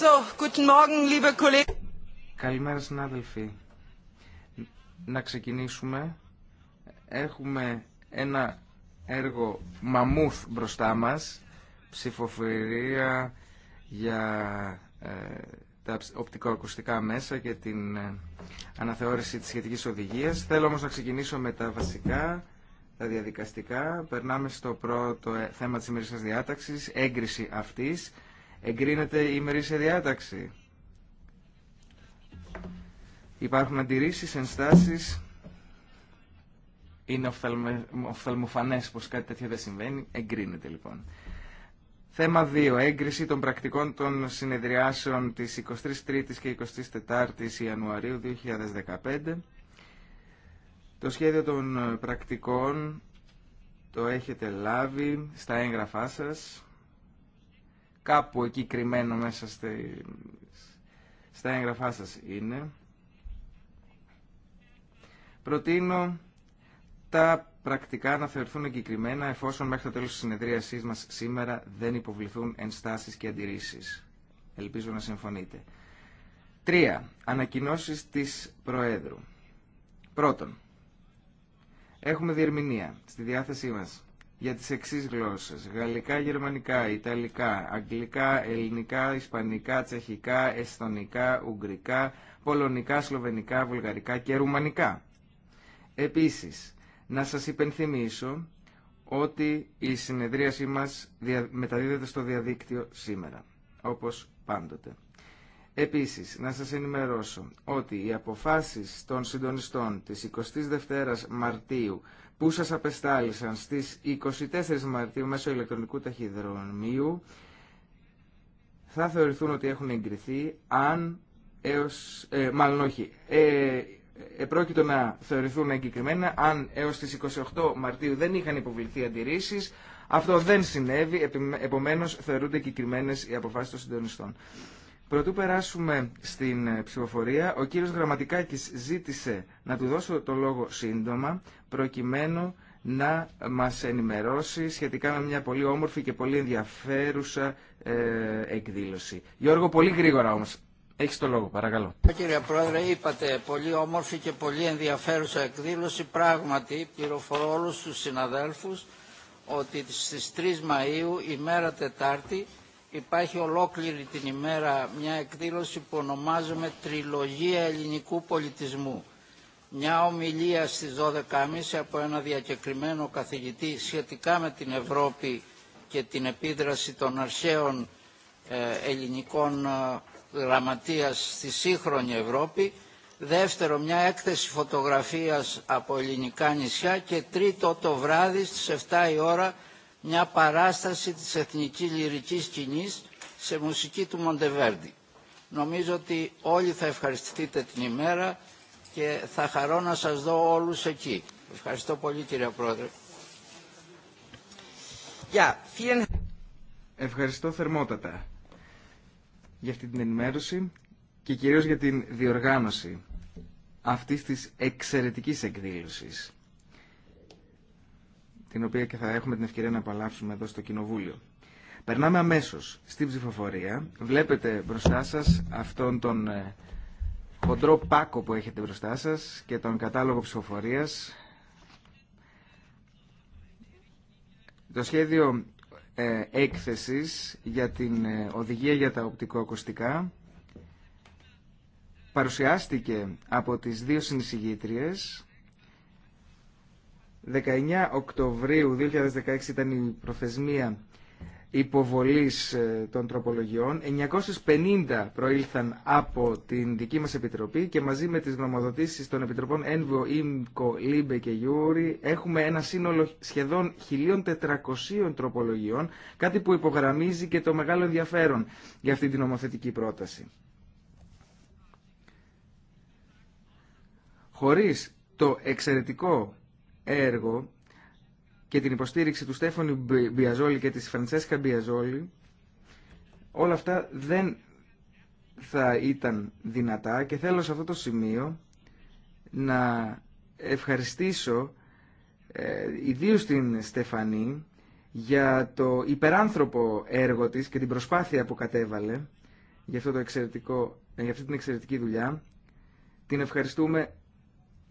So, guten Morgen, Καλημέρα συνάδελφοι. Να ξεκινήσουμε. Έχουμε ένα έργο μαμούθ μπροστά μας. Ψηφοφορία για ε, τα οπτικοακουστικά μέσα και την ε, αναθεώρηση της σχετικής οδηγίας. Θέλω όμως να ξεκινήσω με τα βασικά τα διαδικαστικά. Περνάμε στο πρώτο ε, θέμα της ημερήσιας διάταξης, έγκριση αυτής. Εγκρίνεται η σε διάταξη. Υπάρχουν αντιρρήσεις, ενστάσεις. Είναι οφθαλμοφανές πως κάτι τέτοιο δεν συμβαίνει. Εγκρίνεται λοιπόν. Θέμα 2. Έγκριση των πρακτικών των συνεδριάσεων της 23ης και 24ης Ιανουαρίου 2015. Το σχέδιο των πρακτικών το έχετε λάβει στα έγγραφά σας κάπου εκεί κρυμμένο μέσα στη, στα έγγραφά σας είναι. Προτείνω τα πρακτικά να θεωρηθούν εγκεκριμένα εφόσον μέχρι το τέλος της συνεδρίασής μας σήμερα δεν υποβληθούν ενστάσεις και αντιρρήσεις. Ελπίζω να συμφωνείτε. Τρία. Ανακοινώσεις της Προέδρου. Πρώτον, έχουμε διερμηνία στη διάθεσή μας για τις εξής γλώσσες. Γαλλικά, γερμανικά, ιταλικά, αγγλικά, ελληνικά, ισπανικά, τσεχικά, εσθονικά, ουγγρικά, πολωνικά, σλοβενικά, βουλγαρικά και ρουμανικά. Επίσης, να σας υπενθυμίσω ότι η συνεδρίασή μας μεταδίδεται στο διαδίκτυο σήμερα, όπως πάντοτε. Επίσης, να σας ενημερώσω ότι οι αποφάσεις των συντονιστών της 22ης Μαρτίου που σας απεστάλησαν στις 24 Μαρτίου μέσω ηλεκτρονικού ταχυδρομείου θα θεωρηθούν ότι έχουν εγκριθεί αν έως, ε, μάλλον όχι, ε, επρόκειτο να θεωρηθούν εγκεκριμένα αν έως τις 28 Μαρτίου δεν είχαν υποβληθεί αντιρρήσεις. Αυτό δεν συνέβη, επομένως θεωρούνται εγκεκριμένες οι αποφάσεις των συντονιστών. Προτού περάσουμε στην ε, ψηφοφορία, ο κύριος Γραμματικάκης ζήτησε να του δώσω το λόγο σύντομα, προκειμένου να μας ενημερώσει σχετικά με μια πολύ όμορφη και πολύ ενδιαφέρουσα ε, εκδήλωση. Γιώργο, πολύ γρήγορα όμως. Έχεις το λόγο, παρακαλώ. Κύριε Πρόεδρε, είπατε πολύ όμορφη και πολύ ενδιαφέρουσα εκδήλωση. Πράγματι, πληροφορώ όλους τους συναδέλφους ότι στις 3 Μαΐου, ημέρα Τετάρτη, υπάρχει ολόκληρη την ημέρα μια εκδήλωση που ονομάζουμε «Τριλογία ελληνικού πολιτισμού». Μια ομιλία στις 12.30 από ένα διακεκριμένο καθηγητή σχετικά με την Ευρώπη και την επίδραση των αρχαίων ε, ελληνικών ε, γραμματείας στη σύγχρονη Ευρώπη. Δεύτερο, μια έκθεση φωτογραφίας από ελληνικά νησιά και τρίτο το βράδυ στις 7 η ώρα μια παράσταση της εθνικής λυρικής σκηνής σε μουσική του Μοντεβέρντι. Νομίζω ότι όλοι θα ευχαριστηθείτε την ημέρα και θα χαρώ να σας δω όλους εκεί. Ευχαριστώ πολύ κύριε Πρόεδρε. Ευχαριστώ θερμότατα για αυτή την ενημέρωση και κυρίως για την διοργάνωση αυτής της εξαιρετικής εκδήλωσης την οποία και θα έχουμε την ευκαιρία να απαλλάψουμε εδώ στο Κοινοβούλιο. Περνάμε αμέσως στην ψηφοφορία. Βλέπετε μπροστά σας αυτόν τον ε, χοντρό πάκο που έχετε μπροστά σας και τον κατάλογο ψηφοφορίας. Το σχέδιο ε, έκθεσης για την ε, οδηγία για τα οπτικοακουστικά παρουσιάστηκε από τις δύο συνεισηγήτριες 19 Οκτωβρίου 2016 ήταν η προθεσμία υποβολής ε, των τροπολογιών. 950 προήλθαν από την δική μας Επιτροπή και μαζί με τις γνωμοδοτήσεις των Επιτροπών Ένβιο, Ίμκο, ΛΥΜΠΕ και Γιούρι έχουμε ένα σύνολο σχεδόν 1400 τροπολογιών, κάτι που υπογραμμίζει και το μεγάλο ενδιαφέρον για αυτή την νομοθετική πρόταση. Χωρίς το εξαιρετικό έργο και την υποστήριξη του Στέφανη Μπιαζόλη και της Φραντσέσκα Μπιαζόλη, όλα αυτά δεν θα ήταν δυνατά και θέλω σε αυτό το σημείο να ευχαριστήσω ε, ιδίως την Στεφανή για το υπεράνθρωπο έργο της και την προσπάθεια που κατέβαλε για, αυτό το εξαιρετικό, για αυτή την εξαιρετική δουλειά. Την ευχαριστούμε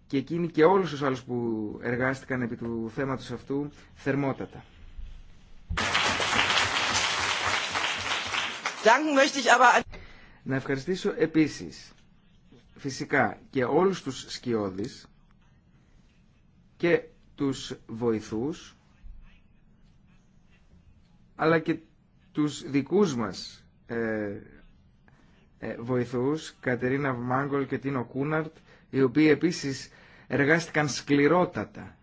και εκείνοι και όλους τους άλλους που εργάστηκαν επί του θέματος αυτού θερμότατα. Να ευχαριστήσω επίσης φυσικά και όλους τους σκιώδεις και τους βοηθούς αλλά και τους δικούς μας ε, ε βοηθούς Κατερίνα Μάγκολ και Τίνο Κούναρτ οι οποίοι επίσης εργάστηκαν σκληρότατα.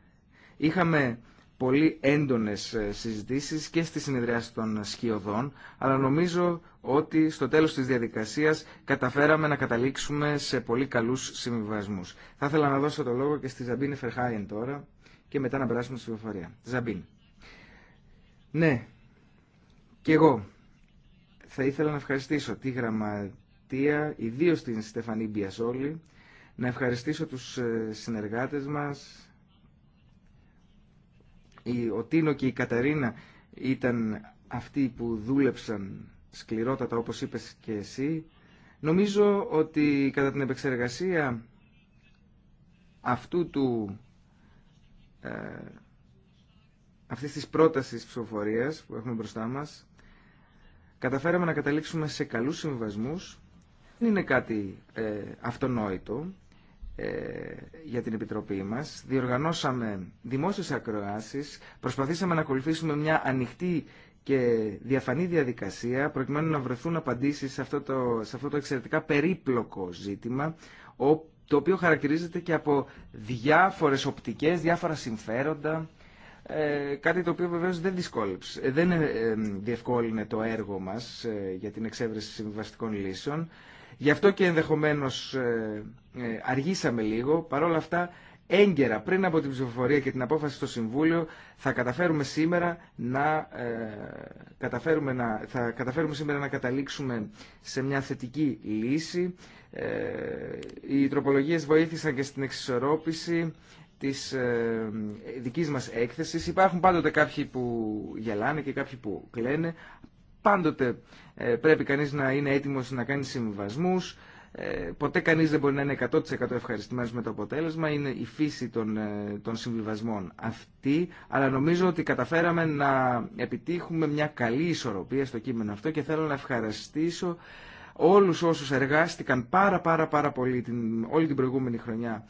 Είχαμε πολύ έντονες ε, συζητήσεις και στη συνεδριάση των σκιωδών, αλλά νομίζω ότι στο τέλος της διαδικασίας καταφέραμε να καταλήξουμε σε πολύ καλούς συμβιβασμούς. Θα ήθελα να δώσω το λόγο και στη Ζαμπίνη Φερχάιν τώρα και μετά να περάσουμε στη ψηφοφορία. Ζαμπίν, Ναι, και εγώ θα ήθελα να ευχαριστήσω τη γραμματεία, ιδίω την Στεφανή Μπιασόλη, να ευχαριστήσω τους ε, συνεργάτες μας. Ο Τίνο και η Καταρίνα ήταν αυτοί που δούλεψαν σκληρότατα όπως είπες και εσύ. Νομίζω ότι κατά την επεξεργασία αυτού του, ε, αυτής της πρότασης ψηφοφορίας που έχουμε μπροστά μας, καταφέραμε να καταλήξουμε σε καλούς συμβασμούς. Δεν είναι κάτι ε, αυτονόητο. Ε, για την Επιτροπή μας. Διοργανώσαμε δημόσιες ακροάσεις, προσπαθήσαμε να ακολουθήσουμε μια ανοιχτή και διαφανή διαδικασία προκειμένου να βρεθούν απαντήσεις σε αυτό το, σε αυτό το εξαιρετικά περίπλοκο ζήτημα το οποίο χαρακτηρίζεται και από διάφορες οπτικές, διάφορα συμφέροντα ε, κάτι το οποίο βεβαίως δεν, δυσκόλεψε, ε, δεν διευκόλυνε το έργο μας για την εξέβρεση συμβιβαστικών λύσεων Γι' αυτό και ενδεχομένως ε, ε, αργήσαμε λίγο. Παρ' όλα αυτά, έγκαιρα πριν από την ψηφοφορία και την απόφαση στο Συμβούλιο, θα καταφέρουμε σήμερα να, ε, καταφέρουμε να, θα καταφέρουμε σήμερα να καταλήξουμε σε μια θετική λύση. οι τροπολογίες βοήθησαν και στην εξισορρόπηση της ε, δικής μας έκθεσης. Υπάρχουν πάντοτε κάποιοι που γελάνε και κάποιοι που κλαίνε. Πάντοτε ε, πρέπει κανείς να είναι έτοιμος να κάνει συμβιβασμούς, ε, ποτέ κανείς δεν μπορεί να είναι 100% ευχαριστημένος με το αποτέλεσμα, είναι η φύση των, ε, των συμβιβασμών αυτή, αλλά νομίζω ότι καταφέραμε να επιτύχουμε μια καλή ισορροπία στο κείμενο αυτό και θέλω να ευχαριστήσω όλους όσους εργάστηκαν πάρα πάρα πάρα πολύ την, όλη την προηγούμενη χρονιά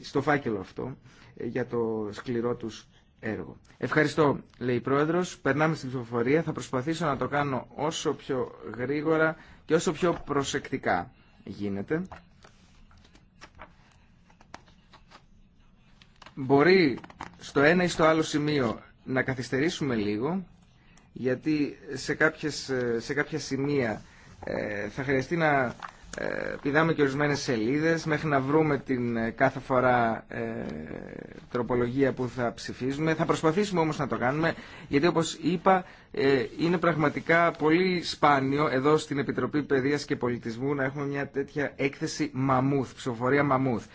στο φάκελο αυτό για το σκληρό τους Ευχαριστώ, λέει η Πρόεδρος. Περνάμε στην ψηφοφορία. Θα προσπαθήσω να το κάνω όσο πιο γρήγορα και όσο πιο προσεκτικά γίνεται. Μπορεί στο ένα ή στο άλλο σημείο να καθυστερήσουμε λίγο, γιατί σε, κάποιες, σε κάποια σημεία ε, θα χρειαστεί να ε, πηδάμε και ορισμένε σελίδες μέχρι να βρούμε την ε, κάθε φορά ε, τροπολογία που θα ψηφίζουμε. Θα προσπαθήσουμε όμως να το κάνουμε γιατί όπως είπα είναι πραγματικά πολύ σπάνιο εδώ στην Επιτροπή Παιδεία και Πολιτισμού να έχουμε μια τέτοια έκθεση μαμούθ, ψηφοφορία μαμούθ.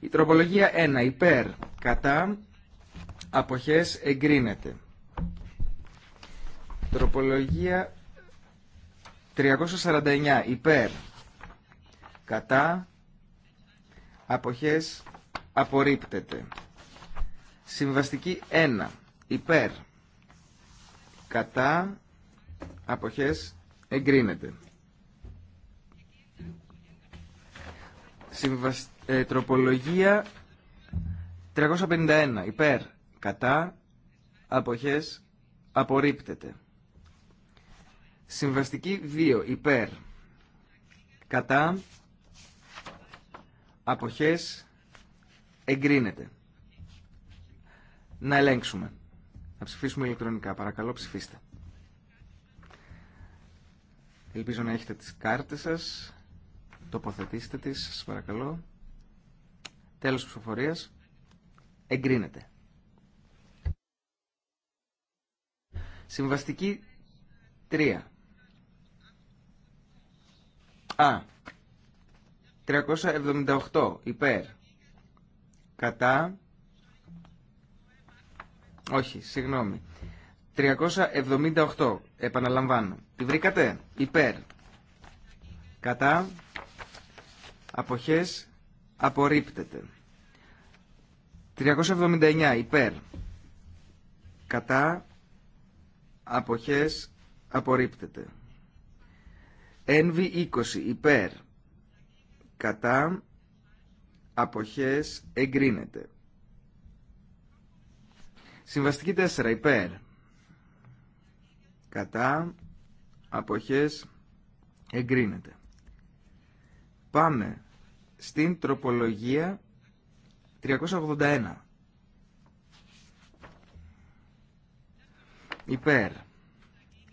Η τροπολογία 1 υπέρ κατά αποχές εγκρίνεται. Τροπολογία 349 υπέρ κατά, αποχές απορρίπτεται. Συμβαστική 1 υπέρ, κατά, αποχές εγκρίνεται. Συμβασ... Ε, τροπολογία 351 υπέρ, κατά, αποχές απορρίπτεται. Συμβαστική 2 υπέρ, κατά, αποχές εγκρίνεται. Να ελέγξουμε. Να ψηφίσουμε ηλεκτρονικά. Παρακαλώ ψηφίστε. Ελπίζω να έχετε τις κάρτες σας. Τοποθετήστε τις, σας παρακαλώ. Τέλος ψηφοφορίας. Εγκρίνεται. Συμβαστική 3. Α, 378 υπέρ. Κατά. Όχι, συγγνώμη. 378. Επαναλαμβάνω. Τη βρήκατε. Υπέρ. Κατά. Αποχές. Απορρίπτεται. 379. Υπέρ. Κατά. Αποχές. Απορρίπτεται. Ένβη 20. Υπέρ κατά αποχές εγκρίνεται. Συμβαστική 4 υπέρ κατά αποχές εγκρίνεται. Πάμε στην τροπολογία 381. Υπέρ.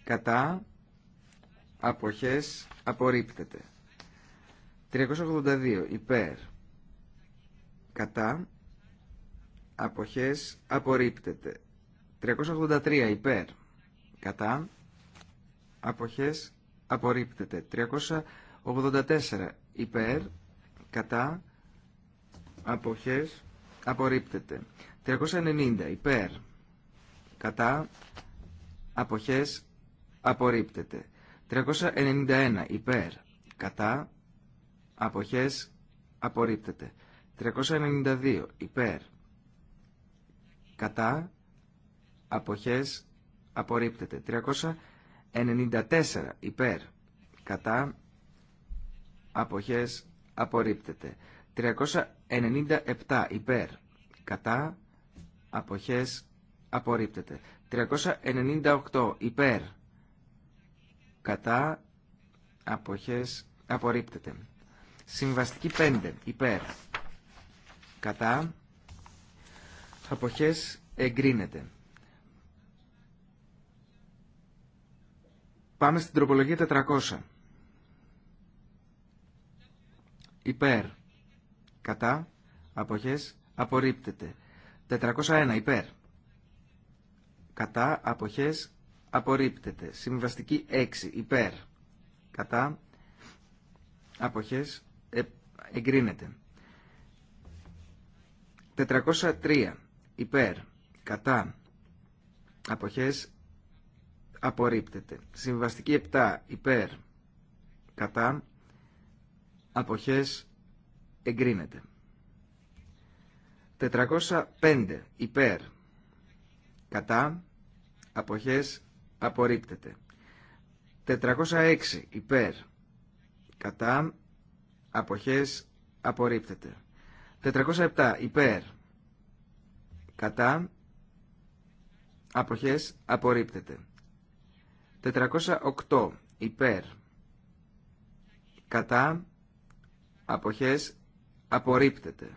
Κατά. Αποχές. Απορρίπτεται. 382 υπέρ κατά αποχές απορρίπτεται 383 υπέρ κατά αποχές απορρίπτεται 384 υπέρ κατά αποχές απορρίπτεται 390 υπέρ κατά αποχές απορρίπτεται 391 υπέρ κατά αποχές απορρίπτεται. 392 υπέρ κατά αποχές απορρίπτεται. 394 υπέρ κατά αποχές απορρίπτεται. 397 υπέρ κατά αποχές απορρίπτεται. 398 υπέρ κατά αποχές απορρίπτεται. Συμβαστική 5 υπέρ κατά αποχές εγκρίνεται. Πάμε στην τροπολογία 400. Υπέρ. Κατά. Αποχές. Απορρίπτεται. 401. Υπέρ. Κατά. Αποχές. Απορρίπτεται. Συμβαστική 6. Υπέρ. Κατά. Αποχές. Ε, εγκρίνεται. 403 υπέρ κατά αποχές απορρίπτεται. Συμβαστική 7 υπέρ κατά αποχές εγκρίνεται. 405 υπέρ κατά αποχές απορρίπτεται. 406 υπέρ κατά αποχές απορρίπτεται. 407 υπέρ κατά αποχές απορρίπτεται. 408 υπέρ κατά αποχές απορρίπτεται.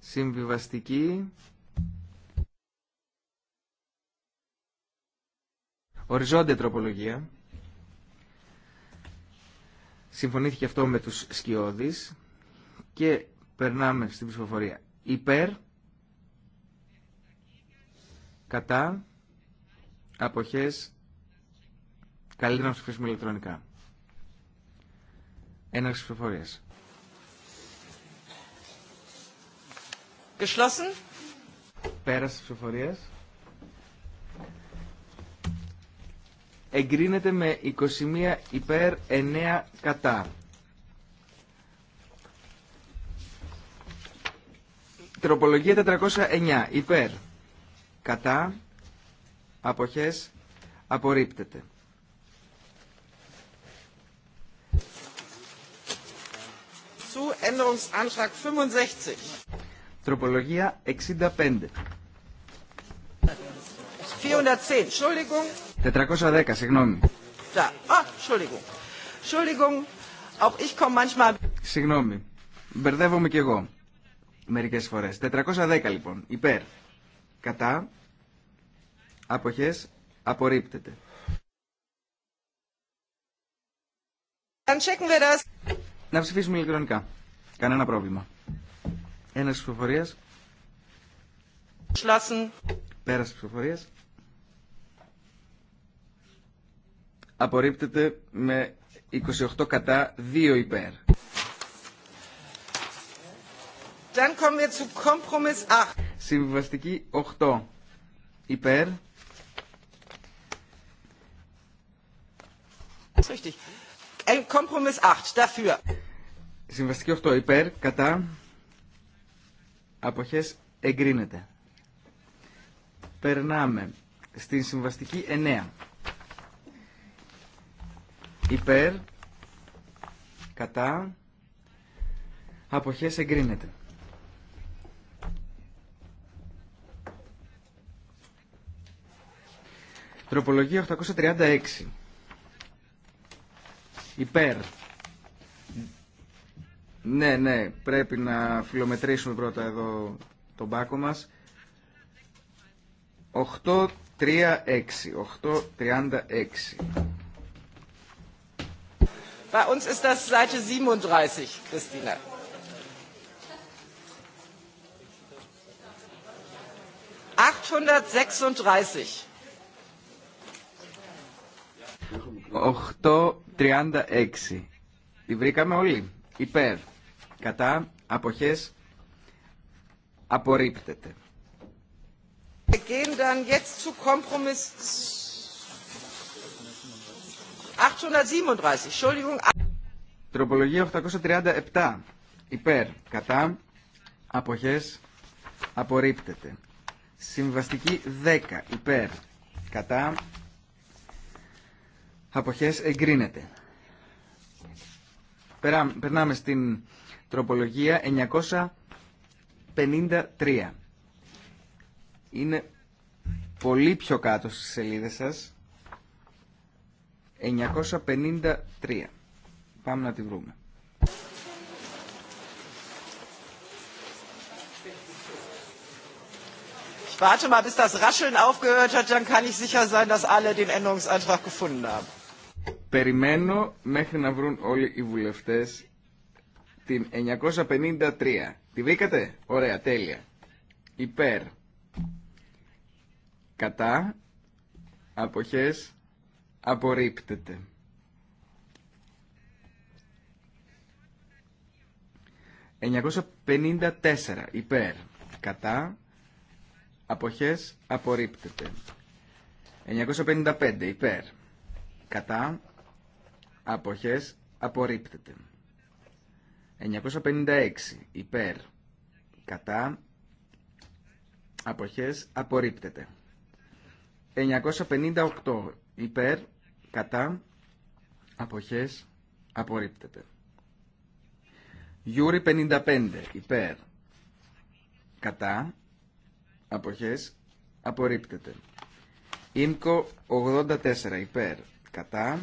Συμβιβαστική οριζόντια τροπολογία Συμφωνήθηκε αυτό με τους σκιώδεις και περνάμε στην ψηφοφορία. Υπέρ, κατά, αποχές, καλύτερα να ψηφίσουμε ηλεκτρονικά. Έναρξη ψηφοφορίας. Geschlossen. τη ψηφοφορία. εγκρίνεται με 21 υπέρ 9 κατά. Τροπολογία 409 υπέρ κατά αποχές απορρίπτεται. Änderungsantrag 65. Τροπολογία 65. 410, Entschuldigung. 410, συγγνώμη. Συγγνώμη, μπερδεύομαι κι εγώ μερικές φορές. 410 λοιπόν, υπέρ, κατά, αποχές, απορρίπτεται. Να ψηφίσουμε ηλεκτρονικά. Κανένα πρόβλημα. Ένας ψηφοφορίας. Schlossen. Πέρας ψηφοφορίας. απορρίπτεται με 28 κατά 2 υπέρ. Dann kommen wir zu Kompromiss 8. Συμβιβαστική 8 υπέρ. Das Ein Kompromiss 8 dafür. Συμβαστική 8 υπέρ κατά αποχές εγκρίνεται. Περνάμε στην συμβαστική 9 υπέρ, κατά, αποχές εγκρίνεται. Τροπολογία 836. Υπέρ. Ναι, ναι, πρέπει να φιλομετρήσουμε πρώτα εδώ τον πάκο μας. 836. 836. Bei uns ist das Seite 37, Christina. Achthundertsechsunddreißig. 836. Τη βρήκαμε όλοι. Υπέρ. Κατά. Αποχές. Απορρίπτεται. Wir gehen dann jetzt zu Kompromiss Λοιπόν, τροπολογία 837. Υπέρ. Κατά. Αποχές. Απορρίπτεται. Συμβαστική 10. Υπέρ. Κατά. Αποχές. Εγκρίνεται. Περνάμε στην τροπολογία 953. Είναι πολύ πιο κάτω στις σελίδες σας. 953. Πάμε να τη βρούμε. Ich warte mal, bis das Rascheln aufgehört hat, dann kann ich sicher sein, dass alle den Änderungsantrag gefunden haben. Περιμένω μέχρι να βρουν όλοι οι βουλευτές την 953. Τη βρήκατε? Ωραία, τέλεια. Υπέρ. Κατά. Αποχές. Απορρίπτεται. «954 υπέρ, κατά, αποχές, απορρίπτεται». «955 υπέρ, κατά, αποχές, απορρίπτεται». «956 υπέρ, κατά, αποχές, απορρίπτεται». «958 υπέρ, κατά, αποχές, απορρίπτεται. Γιούρι 55, υπέρ, κατά, αποχές, απορρίπτεται. Ήμκο 84, υπέρ, κατά,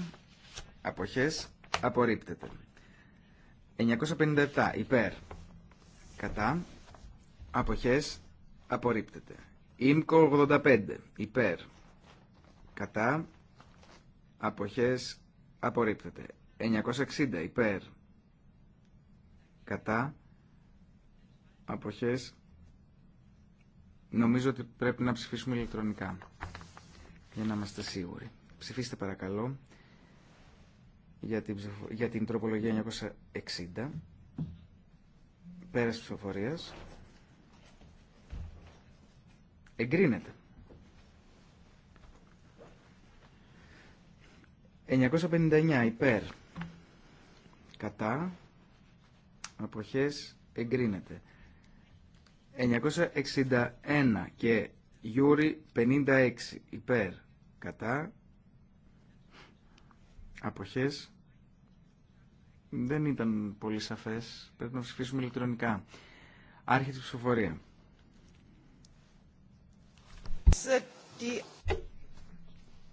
αποχές, απορρίπτεται. 957, υπέρ, κατά, αποχές, απορρίπτεται. Ήμκο 85, υπέρ, κατά, αποχές απορρίπτεται. 960 υπέρ κατά αποχές νομίζω ότι πρέπει να ψηφίσουμε ηλεκτρονικά για να είμαστε σίγουροι. Ψηφίστε παρακαλώ για την, για την τροπολογία 960 πέρας ψηφοφορίας εγκρίνεται. 959 υπέρ. Κατά. Αποχές εγκρίνεται. 961 και Γιούρι 56 υπέρ. Κατά. Αποχές. Δεν ήταν πολύ σαφές. Πρέπει να ψηφίσουμε ηλεκτρονικά. άρχιτη ψηφοφορία.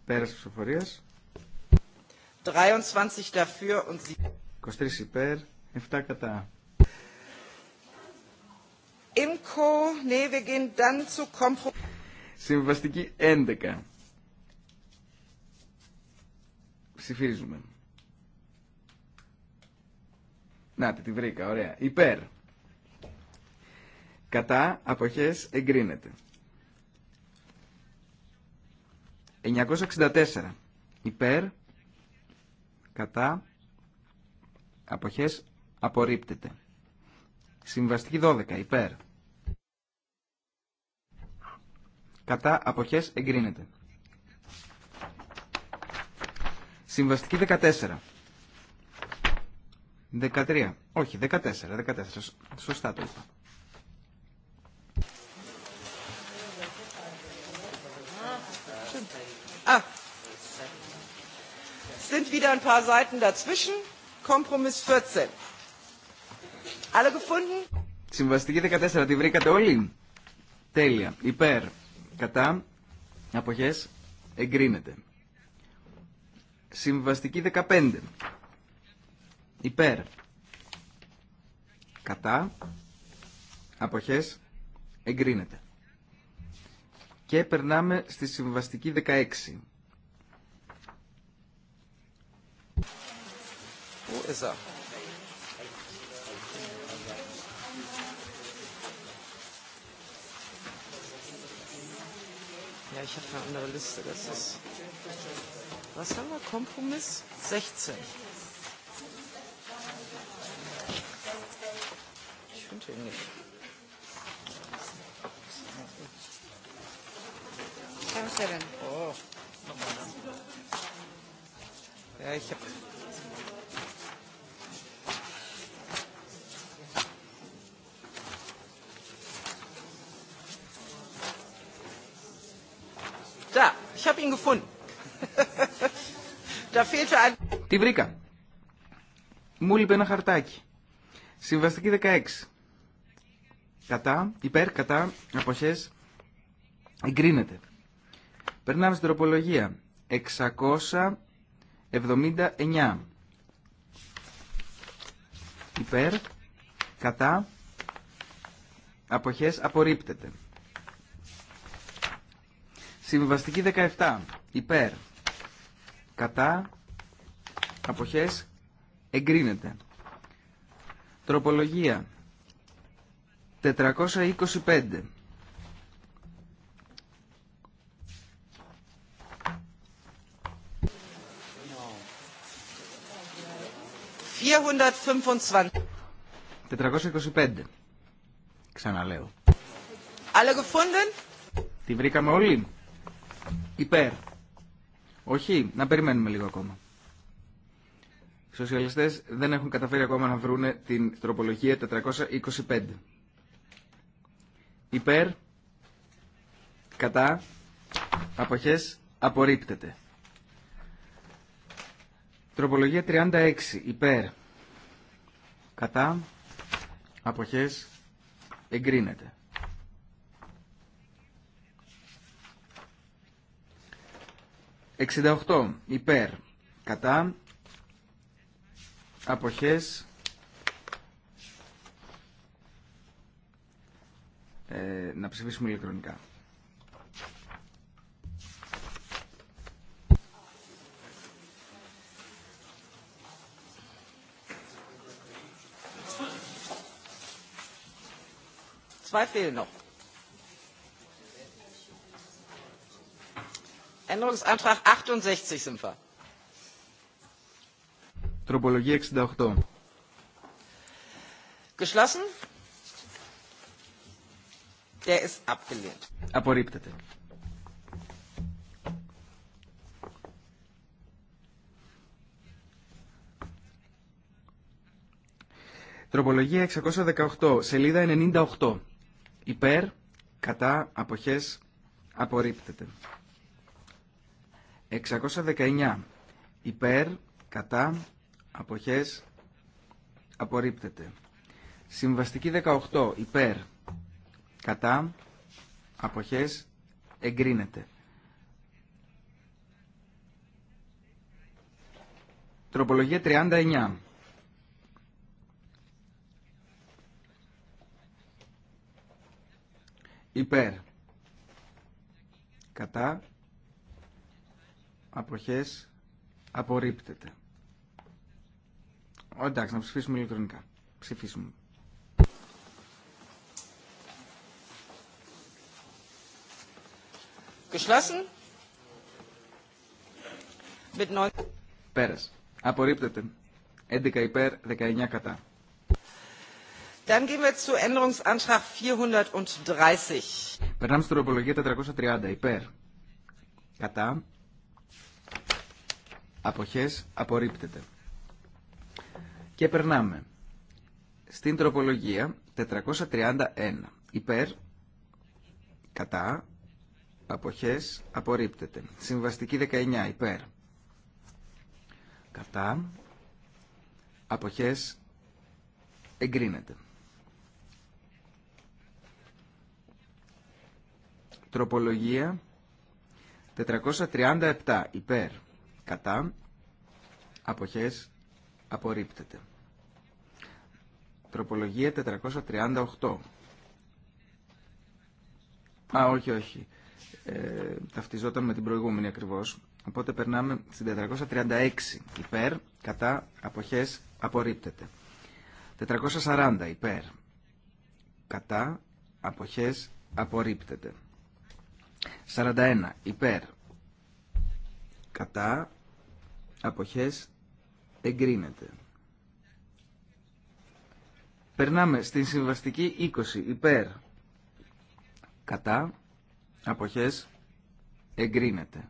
Πέρας ψηφοφορίας. 23 23 υπέρ, 7 κατά. Συμβαστική 11. Ψηφίζουμε. Να, τη βρήκα, ωραία. Υπέρ. Κατά αποχές εγκρίνεται. 964. Υπέρ κατά αποχές απορρίπτεται. Συμβαστική 12 υπέρ κατά αποχές εγκρίνεται. Συμβαστική 14. 13. Όχι, 14. 14. Σωστά το είπα. Α, sind wieder ein paar Seiten dazwischen. Kompromiss 14. Alle gefunden? Συμβαστική 14, τη βρήκατε όλοι. Τέλεια. Υπέρ. Κατά. Αποχές. Εγκρίνεται. Συμβαστική 15. Υπέρ. Κατά. Αποχές. Εγκρίνεται. Και περνάμε στη συμβαστική 16. Wo ist er? Ja, ich habe eine andere Liste. Das ist. Was haben wir? Kompromiss 16. Ich finde ihn nicht. Oh. Τι Τη βρήκα. Μου λείπει ένα χαρτάκι. Συμβαστική 16. Κατά, υπέρ, κατά, αποχές, εγκρίνεται. Περνάμε στην τροπολογία. 600 79 υπέρ κατά αποχές απορρίπτεται. Συμβαστική 17 υπέρ κατά αποχές εγκρίνεται. Τροπολογία 425 425. Ξαναλέω. gefunden? Τη βρήκαμε όλοι. Υπέρ. Όχι, να περιμένουμε λίγο ακόμα. Οι σοσιαλιστές δεν έχουν καταφέρει ακόμα να βρούνε την τροπολογία 425. Υπέρ. Κατά. Αποχές. Απορρίπτεται. Τροπολογία 36. Υπέρ κατά αποχές εγκρίνεται. «68. Υπέρ. Κατά. Αποχές. Ε, να ψηφίσουμε ηλεκτρονικά. fehlen noch. Änderungsantrag 68 sind wir. Τροπολογία 68. Geschlossen. Der ist abgelehnt. Απορρίπτεται. Τροπολογία 618, σελίδα 98 υπέρ, κατά, αποχές, απορρίπτεται. 619 υπέρ, κατά, αποχές, απορρίπτεται. Συμβαστική 18 υπέρ, κατά, αποχές, εγκρίνεται. Τροπολογία 39 υπέρ κατά αποχές απορρίπτεται. Εντάξει, να ψηφίσουμε ηλεκτρονικά. Ψηφίσουμε. Geschlossen. Mit 9... Απορρίπτεται. 11 υπέρ, 19 κατά. Περνάμε στην τροπολογία 430. Υπέρ. Κατά. Αποχές. Απορρίπτεται. Και περνάμε στην τροπολογία 431. Υπέρ. Κατά. Αποχές. Απορρίπτεται. Συμβαστική 19. Υπέρ. Κατά. Αποχές. Εγκρίνεται. Τροπολογία 437 υπέρ κατά αποχές απορρίπτεται. Τροπολογία 438. Α, όχι, όχι. Ε, ταυτιζόταν με την προηγούμενη ακριβώς. Οπότε περνάμε στην 436. Υπέρ, κατά, αποχές, απορρίπτεται. 440. Υπέρ, κατά, αποχές, απορρίπτεται. 41 υπέρ κατά αποχές εγκρίνεται. Περνάμε στην συμβαστική 20 υπέρ κατά αποχές εγκρίνεται.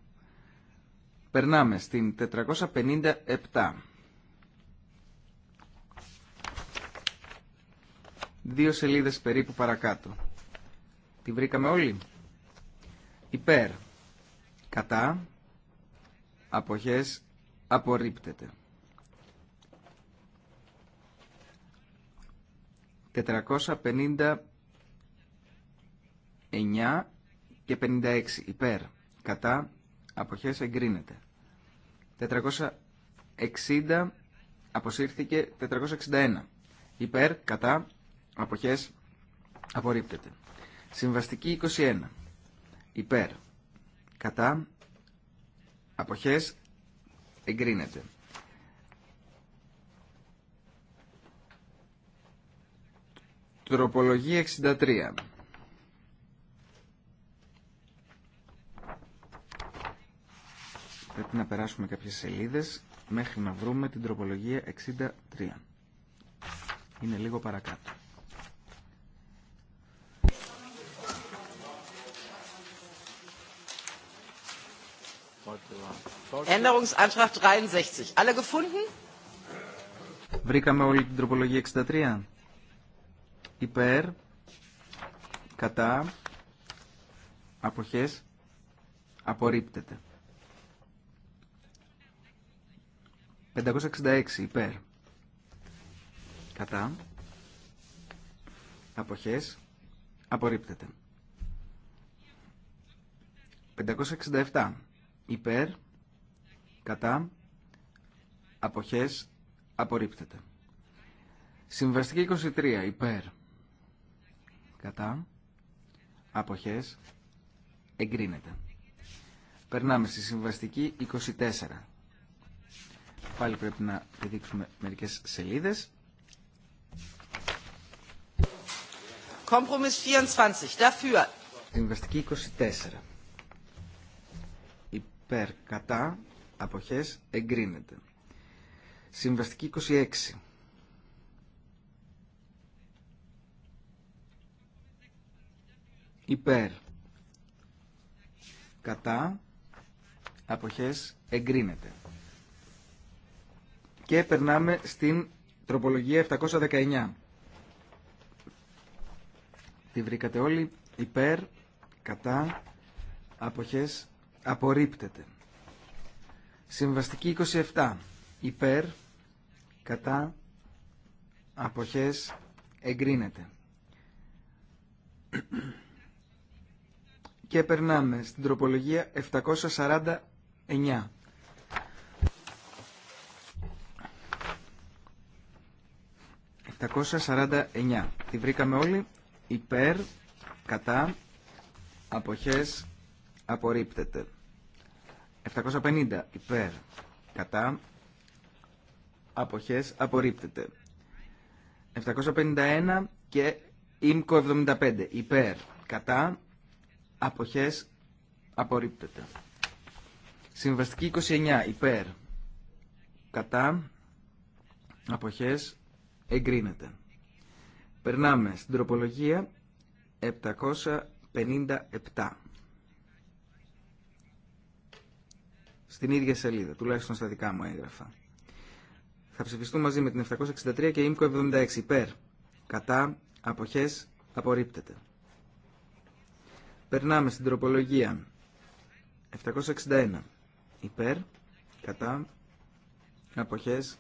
Περνάμε στην 457. Δύο σελίδες περίπου παρακάτω. Τη βρήκαμε όλοι υπέρ κατά αποχές απορρίπτεται 459 και 56 υπέρ κατά αποχές εγκρίνεται 460 αποσύρθηκε 461 υπέρ κατά αποχές απορρίπτεται συμβαστική 21 υπέρ κατά αποχές εγκρίνεται. Τροπολογία 63. Πρέπει να περάσουμε κάποιες σελίδες μέχρι να βρούμε την τροπολογία 63. Είναι λίγο παρακάτω. Änderungsantrag 63. Alle gefunden? Βρήκαμε όλη την τροπολογία 63. Υπέρ, κατά, αποχές, απορρίπτεται. 566 υπέρ, κατά, αποχές, απορρίπτεται. 567 υπέρ, κατά, αποχές, απορρίπτεται. Συμβαστική 23, υπέρ, κατά, αποχές, εγκρίνεται. Περνάμε στη συμβαστική 24. Πάλι πρέπει να δείξουμε μερικές σελίδες. Συμβαστική 24 υπέρ κατά αποχές εγκρίνεται. Συμβαστική 26. Υπέρ κατά αποχές εγκρίνεται. Και περνάμε στην τροπολογία 719. Τη βρήκατε όλοι. Υπέρ, κατά, αποχές απορρίπτεται. Συμβαστική 27. Υπέρ, κατά, αποχές, εγκρίνεται. Και περνάμε στην τροπολογία 749. ...749. Τη βρήκαμε όλοι υπέρ, κατά, αποχές, απορρίπτεται. 750 υπέρ κατά αποχές απορρίπτεται. 751 και ΙΜΚΟ 75 υπέρ κατά αποχές απορρίπτεται. Συμβαστική 29 υπέρ κατά αποχές εγκρίνεται. Περνάμε στην τροπολογία 757 στην ίδια σελίδα, τουλάχιστον στα δικά μου έγγραφα. Θα ψηφιστούν μαζί με την 763 και η ΙΜΚΟ 76 υπέρ. Κατά αποχές απορρίπτεται. Περνάμε στην τροπολογία 761 υπέρ. Κατά αποχές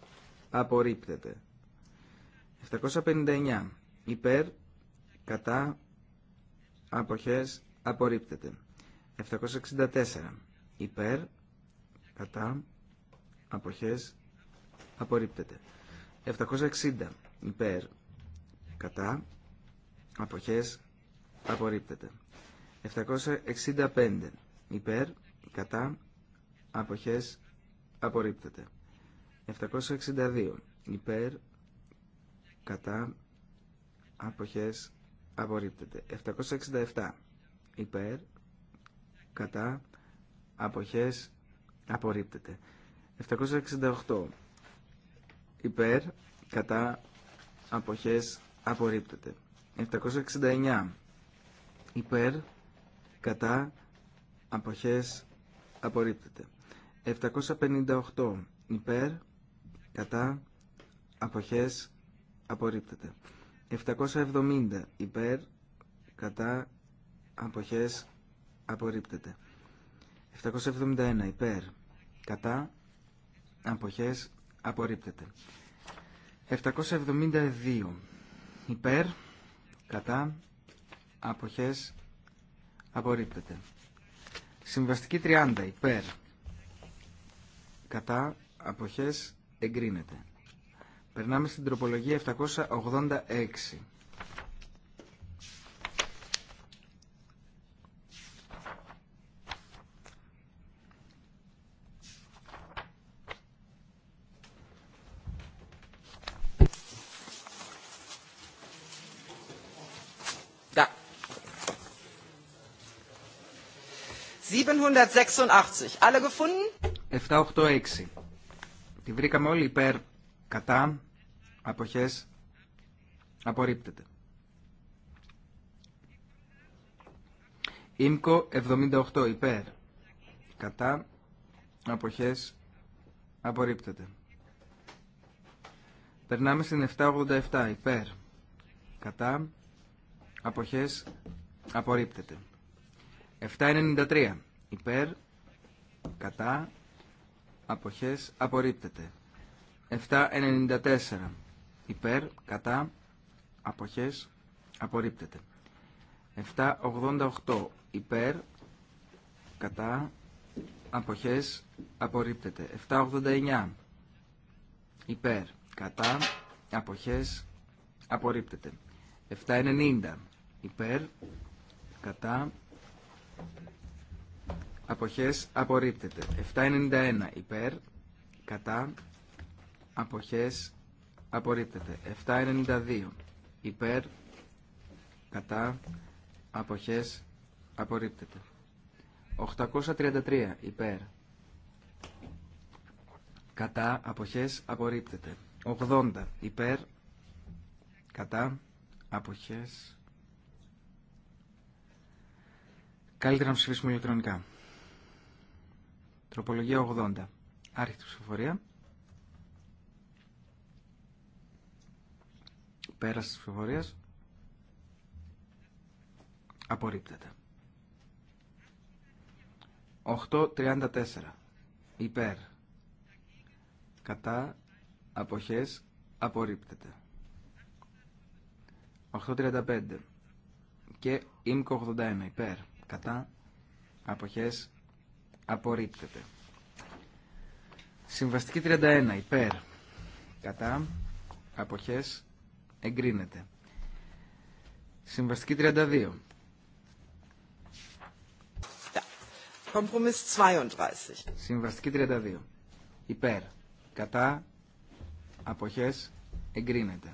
απορρίπτεται. 759 υπέρ. Κατά αποχές απορρίπτεται. 764 υπέρ κατά αποχές απορρίπτεται 760 υπέρ κατά αποχές απορρίπτεται 765 υπέρ κατά αποχές απορρίπτεται 762 υπέρ κατά αποχές απορρίπτεται 767 υπέρ κατά αποχές Απορρίπτεται. 768 υπέρ, κατά, αποχές, απορρίπτεται. 769 υπέρ, κατά, αποχές, απορρίπτεται. 758 υπέρ, κατά, αποχές, απορρίπτεται. 770 υπέρ, κατά, αποχές, απορρίπτεται. 771 υπέρ κατά αποχές απορρίπτεται 772 υπέρ κατά αποχές απορρίπτεται συμβαστική 30 υπέρ κατά αποχές εγκρίνεται περνάμε στην τροπολογία 786 786. Alle gefunden? 786. Τη βρήκαμε όλοι υπέρ, κατά, αποχές, απορρίπτεται. Ήμκο 78 υπέρ, κατά, αποχές, απορρίπτεται. Περνάμε στην 787 υπέρ, κατά, αποχές, απορρίπτεται. 793 υπέρ, κατά, αποχές, απορρίπτεται. 794 υπέρ, κατά, αποχές, απορρίπτεται. 788 υπέρ, κατά, αποχές, απορρίπτεται. 789 υπέρ, κατά, αποχές, απορρίπτεται. 790 υπέρ, κατά, αποχές απορρίπτεται. 791 υπέρ, κατά, αποχές απορρίπτεται. 792 υπέρ, κατά, αποχές απορρίπτεται. 833 υπέρ, κατά, αποχές απορρίπτεται. 80 υπέρ, κατά, αποχές Καλύτερα να ψηφίσουμε ηλεκτρονικά. Τροπολογία 80. Άρχιτη ψηφοφορία. Πέραση της ψηφοφορίας. Απορρίπτεται. 8.34. Υπέρ. Κατά. Αποχές. Απορρίπτεται. 8.35. Και ΙΜΚΟ 81. Υπέρ. Κατά. Αποχές. Απορρίπτεται. Συμβαστική 31. Υπέρ. Κατά. Αποχές. Εγκρίνεται. Συμβαστική 32. Κομπρομίς 32. Συμβαστική 32. Υπέρ. Κατά. Αποχές. Εγκρίνεται.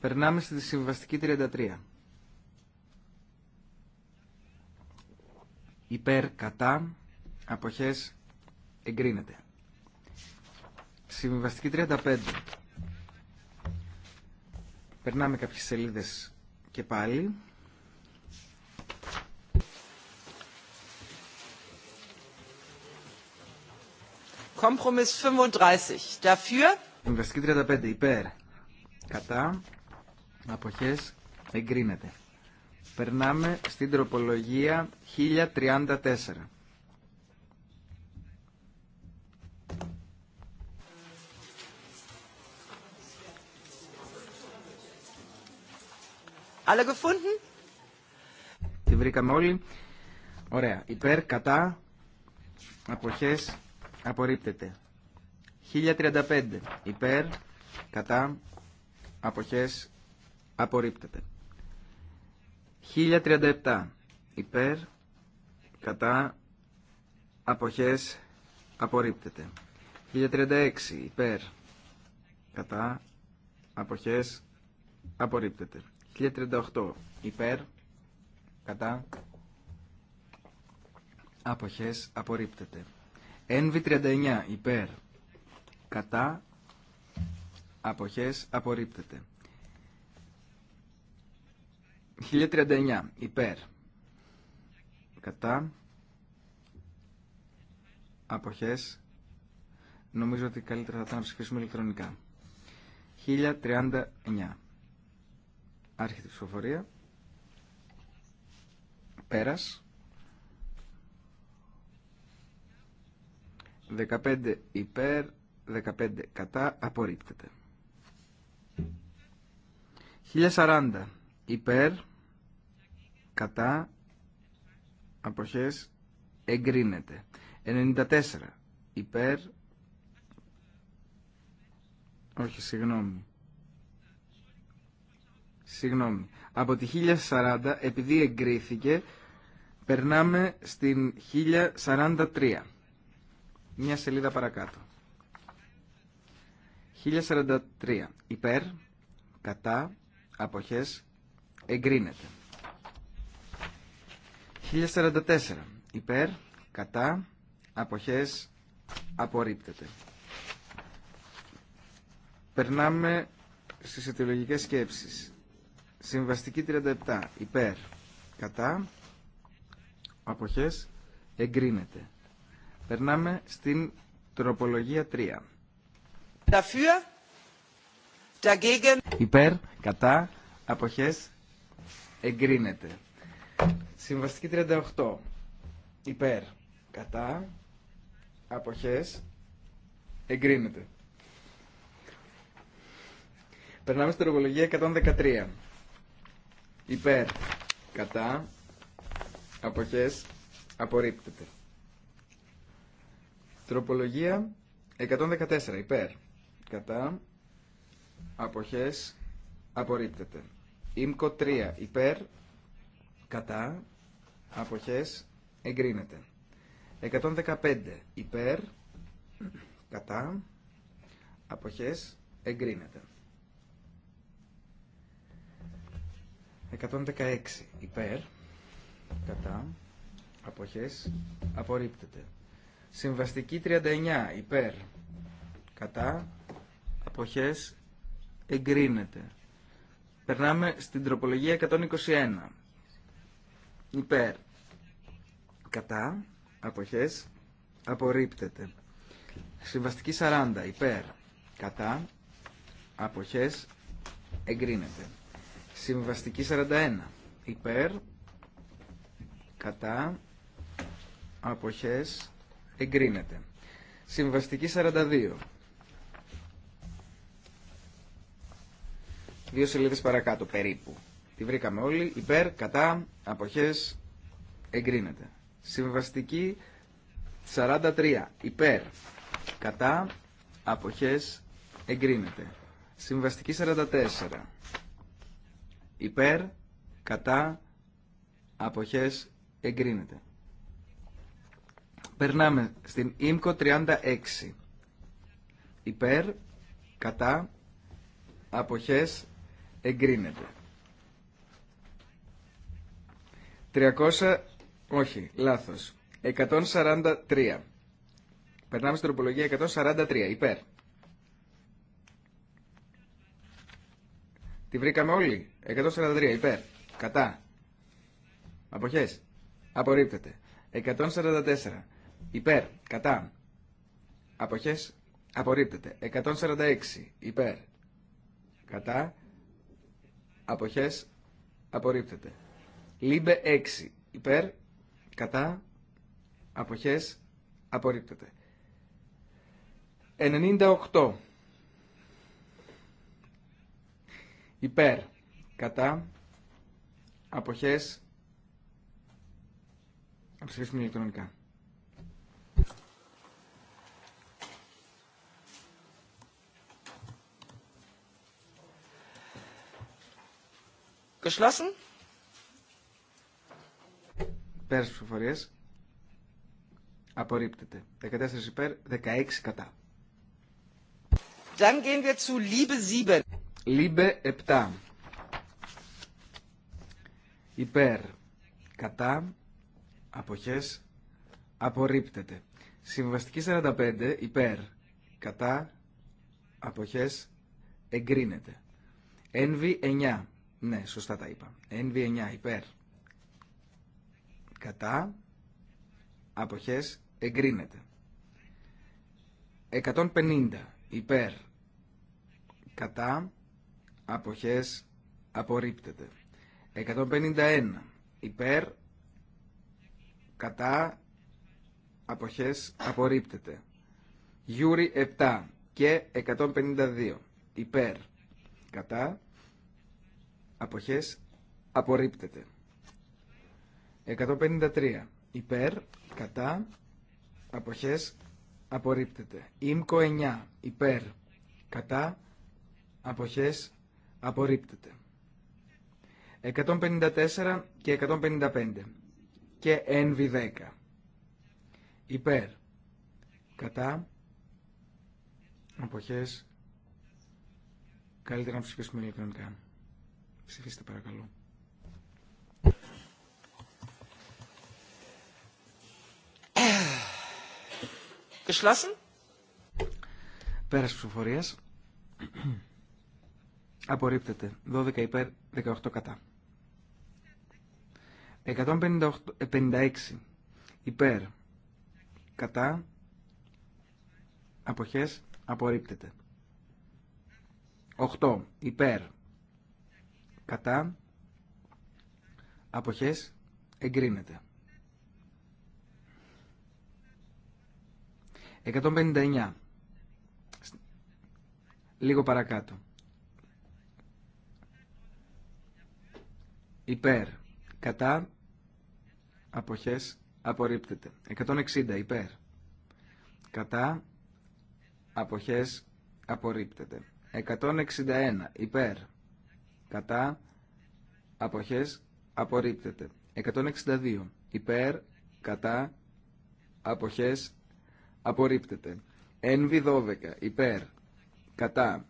Περνάμε στη συμβαστική 33. Υπέρ. Κατά αποχές εγκρίνεται. Συμβιβαστική 35. Περνάμε κάποιες σελίδες και πάλι. Kompromiss 35. Dafür. Συμβαστική 35. Υπέρ. Κατά. Αποχές. Εγκρίνεται. Περνάμε στην τροπολογία 1034. Alle gefunden? Τη βρήκαμε όλοι. Ωραία. Υπέρ, κατά, αποχές, απορρίπτεται. 1035. Υπέρ, κατά, αποχές, απορρίπτεται. 1037. Υπέρ, κατά, αποχές, απορρίπτεται. 1036. Υπέρ, κατά, αποχές, απορρίπτεται. 1038 υπέρ κατά αποχές απορρίπτεται. NV39 υπέρ κατά αποχές απορρίπτεται. 1039 υπέρ κατά αποχές νομίζω ότι καλύτερα θα ήταν ψηφίσουμε ηλεκτρονικά. 1039 Άρχεται η ψηφοφορία. Πέρας. 15 υπέρ, 15 κατά, απορρίπτεται. 1040 υπέρ, κατά, αποχές, εγκρίνεται. 94 υπέρ, όχι συγγνώμη. Συγγνώμη. Από τη 1040 επειδή εγκρίθηκε περνάμε στην 1043. Μια σελίδα παρακάτω. 1043. Υπέρ, κατά, αποχές, εγκρίνεται. 1044. Υπέρ, κατά, αποχές, απορρίπτεται. Περνάμε στις αιτιολογικές σκέψεις. Συμβαστική 37. Υπέρ. Κατά. Αποχές. Εγκρίνεται. Περνάμε στην τροπολογία 3. Υπέρ. Κατά. Αποχές. Εγκρίνεται. Συμβαστική 38. Υπέρ. Κατά. Αποχές. Εγκρίνεται. Περνάμε στην τροπολογία 113 υπέρ κατά αποχές απορρίπτεται τροπολογία 114 υπέρ κατά αποχές απορρίπτεται ΙΜΚΟ 3 υπέρ κατά αποχές εγκρίνεται 115 υπέρ κατά αποχές εγκρίνεται 116 υπέρ, κατά, αποχές, απορρίπτεται. Συμβαστική 39 υπέρ, κατά, αποχές, εγκρίνεται. Περνάμε στην τροπολογία 121. Υπέρ, κατά, αποχές, απορρίπτεται. Συμβαστική 40 υπέρ, κατά, αποχές, εγκρίνεται. Συμβαστική 41. Υπέρ, κατά, αποχές, εγκρίνεται. Συμβαστική 42. Δύο σελίδες παρακάτω, περίπου. Τη βρήκαμε όλοι. Υπέρ, κατά, αποχές, εγκρίνεται. Συμβαστική 43. Υπέρ, κατά, αποχές, εγκρίνεται. Συμβαστική 44 υπέρ, κατά, αποχές, εγκρίνεται. Περνάμε στην ΙΜΚΟ 36. Υπέρ, κατά, αποχές, εγκρίνεται. 300, όχι, λάθος. 143. Περνάμε στην τροπολογία 143. Υπέρ. Τη βρήκαμε όλοι. 143 υπέρ. Κατά. Αποχές. Απορρίπτεται. 144 υπέρ. Κατά. Αποχές. Απορρίπτεται. 146 υπέρ. Κατά. Αποχές. Απορρίπτεται. Λίμπε 6 υπέρ. Κατά. Αποχές. Απορρίπτεται. 98 Υπέρ. Κατά. Αποχές. Αψηφίσουμε ηλεκτρονικά. Geschlossen. Πέρα στις ψηφοφορίες. Απορρίπτεται. 14 υπέρ, 16 κατά. Dann gehen wir zu Liebe 7. Λίμπε 7. Υπέρ. Κατά. Αποχές. Απορρίπτεται. Συμβαστική 45. Υπέρ. Κατά. Αποχές. Εγκρίνεται. ΕΝΒΙ 9. Ναι, σωστά τα είπα. ΕΝΒΙ 9. Υπέρ. Κατά. Αποχές. Εγκρίνεται. 150. Υπέρ. Κατά αποχές απορρίπτεται. 151 υπέρ κατά αποχές απορρίπτεται. Γιούρι 7 και 152 υπέρ κατά αποχές απορρίπτεται. 153 υπέρ κατά αποχές απορρίπτεται. Ήμκο 9 υπέρ κατά αποχές Απορρίπτεται. 154 και 155 και NV10. Υπέρ. Κατά. Αποχές. Καλύτερα να ψηφίσουμε ηλεκτρονικά. Ψηφίστε παρακαλώ. Geschlossen. Πέρας ψηφοφορίας. Απορρίπτεται. 12 υπέρ, 18 κατά. 156 υπέρ, κατά, αποχές, απορρίπτεται. 8 υπέρ, κατά, αποχές, εγκρίνεται. 159. Λίγο παρακάτω. υπέρ, κατά, αποχές, απορρίπτεται. 160 υπέρ, κατά, αποχές, απορρίπτεται. 161 υπέρ, κατά, αποχές, απορρίπτεται. 162 υπέρ, κατά, αποχές, απορρίπτεται. NV12 υπέρ, κατά,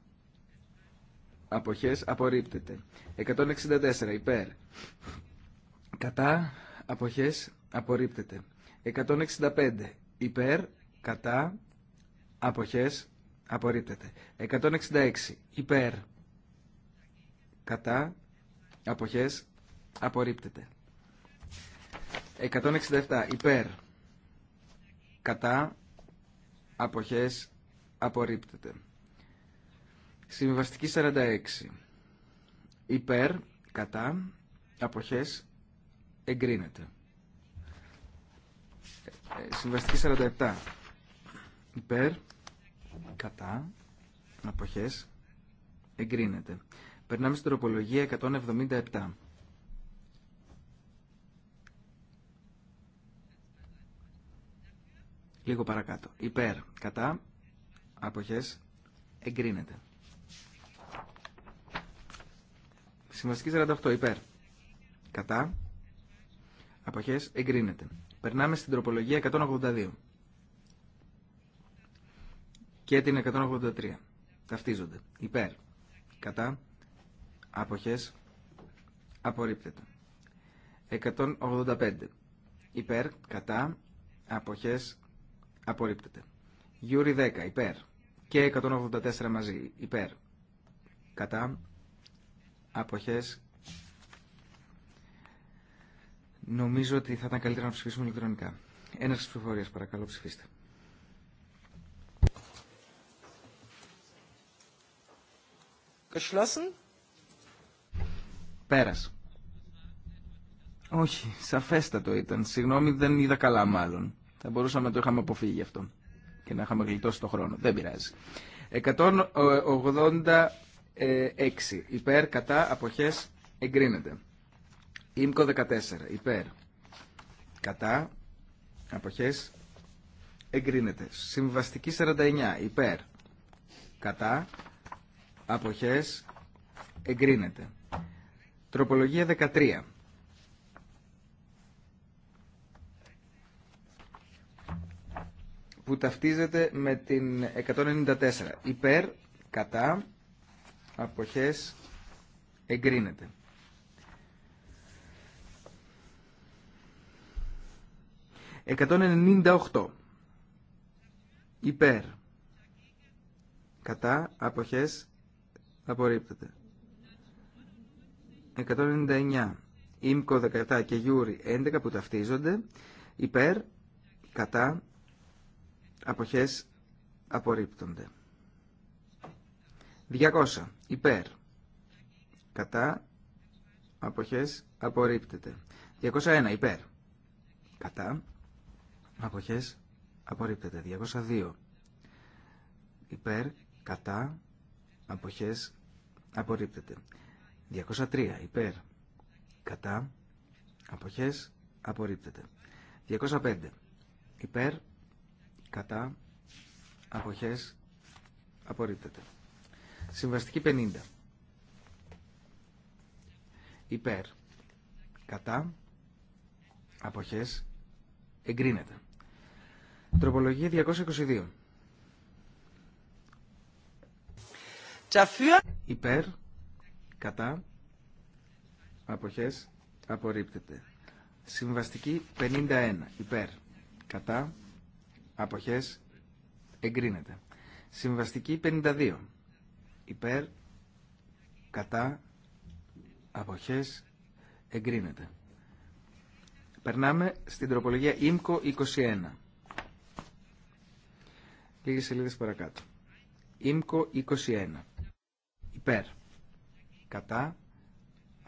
αποχές απορρίπτεται. 164 υπέρ. Κατά αποχές απορρίπτεται. 165 υπέρ. Κατά αποχές απορρίπτεται. 166 υπέρ. Κατά αποχές απορρίπτεται. 167 υπέρ. Κατά αποχές απορρίπτεται. Συμβαστική 46. Υπέρ, κατά, αποχές, εγκρίνεται. Ε, συμβαστική 47. Υπέρ, κατά, αποχές, εγκρίνεται. Περνάμε στην τροπολογία 177. Λίγο παρακάτω. Υπέρ, κατά, αποχές, εγκρίνεται. Συμβαστική 48 υπέρ. Κατά. Αποχές εγκρίνεται. Περνάμε στην τροπολογία 182. Και την 183. Ταυτίζονται. Υπέρ. Κατά. Αποχές απορρίπτεται. 185. Υπέρ. Κατά. Αποχές απορρίπτεται. Γιούρι 10. Υπέρ. Και 184 μαζί. Υπέρ. Κατά αποχές νομίζω ότι θα ήταν καλύτερα να ψηφίσουμε ηλεκτρονικά. Ένας ψηφοφορίας παρακαλώ ψηφίστε. Geschlossen. Πέρας. Όχι, σαφέστατο ήταν. Συγγνώμη, δεν είδα καλά μάλλον. Θα μπορούσαμε να το είχαμε αποφύγει αυτό και να είχαμε γλιτώσει το χρόνο. Δεν πειράζει. Ε, 6 ε, υπέρ κατά αποχές εγκρίνεται. Ήμκο 14 υπέρ κατά αποχές εγκρίνεται. Συμβαστική 49 υπέρ κατά αποχές εγκρίνεται. Τροπολογία 13. που ταυτίζεται με την 194. Υπέρ, κατά, αποχές εγκρίνεται. 198. υπέρ κατά αποχές απορρίπτεται. 199 ΙΜΚΟ 17 και Γιούρι 11 που ταυτίζονται υπέρ κατά αποχές απορρίπτονται. 200 υπέρ κατά αποχές απορρίπτεται 201 υπέρ κατά αποχές απορρίπτεται 202 υπέρ κατά αποχές απορρίπτεται 203 υπέρ κατά αποχές απορρίπτεται 205 υπέρ κατά αποχές απορρίπτεται Συμβαστική 50. Υπέρ. Κατά. Αποχές. Εγκρίνεται. Τροπολογία 222. Υπέρ. Κατά. Αποχές. Απορρίπτεται. Συμβαστική 51. Υπέρ. Κατά. Αποχές. Εγκρίνεται. Συμβαστική 52 υπέρ κατά αποχές εγκρίνεται. Περνάμε στην τροπολογία ΙΜΚΟ 21. Λίγες σελίδες παρακάτω. ΙΜΚΟ 21. Υπέρ. Κατά.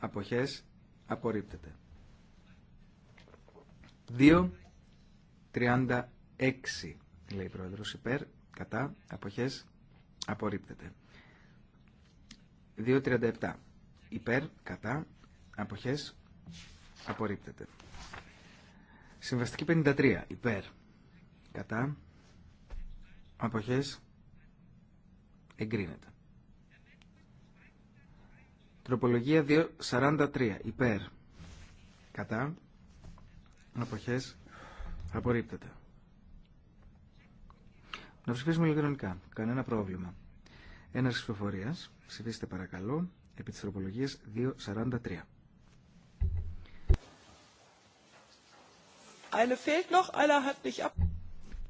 Αποχές. Απορρίπτεται. 2.36 λέει η Πρόεδρος. Υπέρ. Κατά. Αποχές. Απορρίπτεται. 2.37 υπέρ, κατά, αποχέ, απορρίπτεται. Συμβαστική 53 υπέρ, κατά, αποχές, εγκρίνεται. Τροπολογία 2.43 υπέρ, κατά, αποχές, απορρίπτεται. Να ψηφίσουμε ηλεκτρονικά. Κανένα πρόβλημα. Ένα ψηφοφορία. Ψηφίστε παρακαλώ επί της τροπολογίας 2.43. Eine fehlt noch,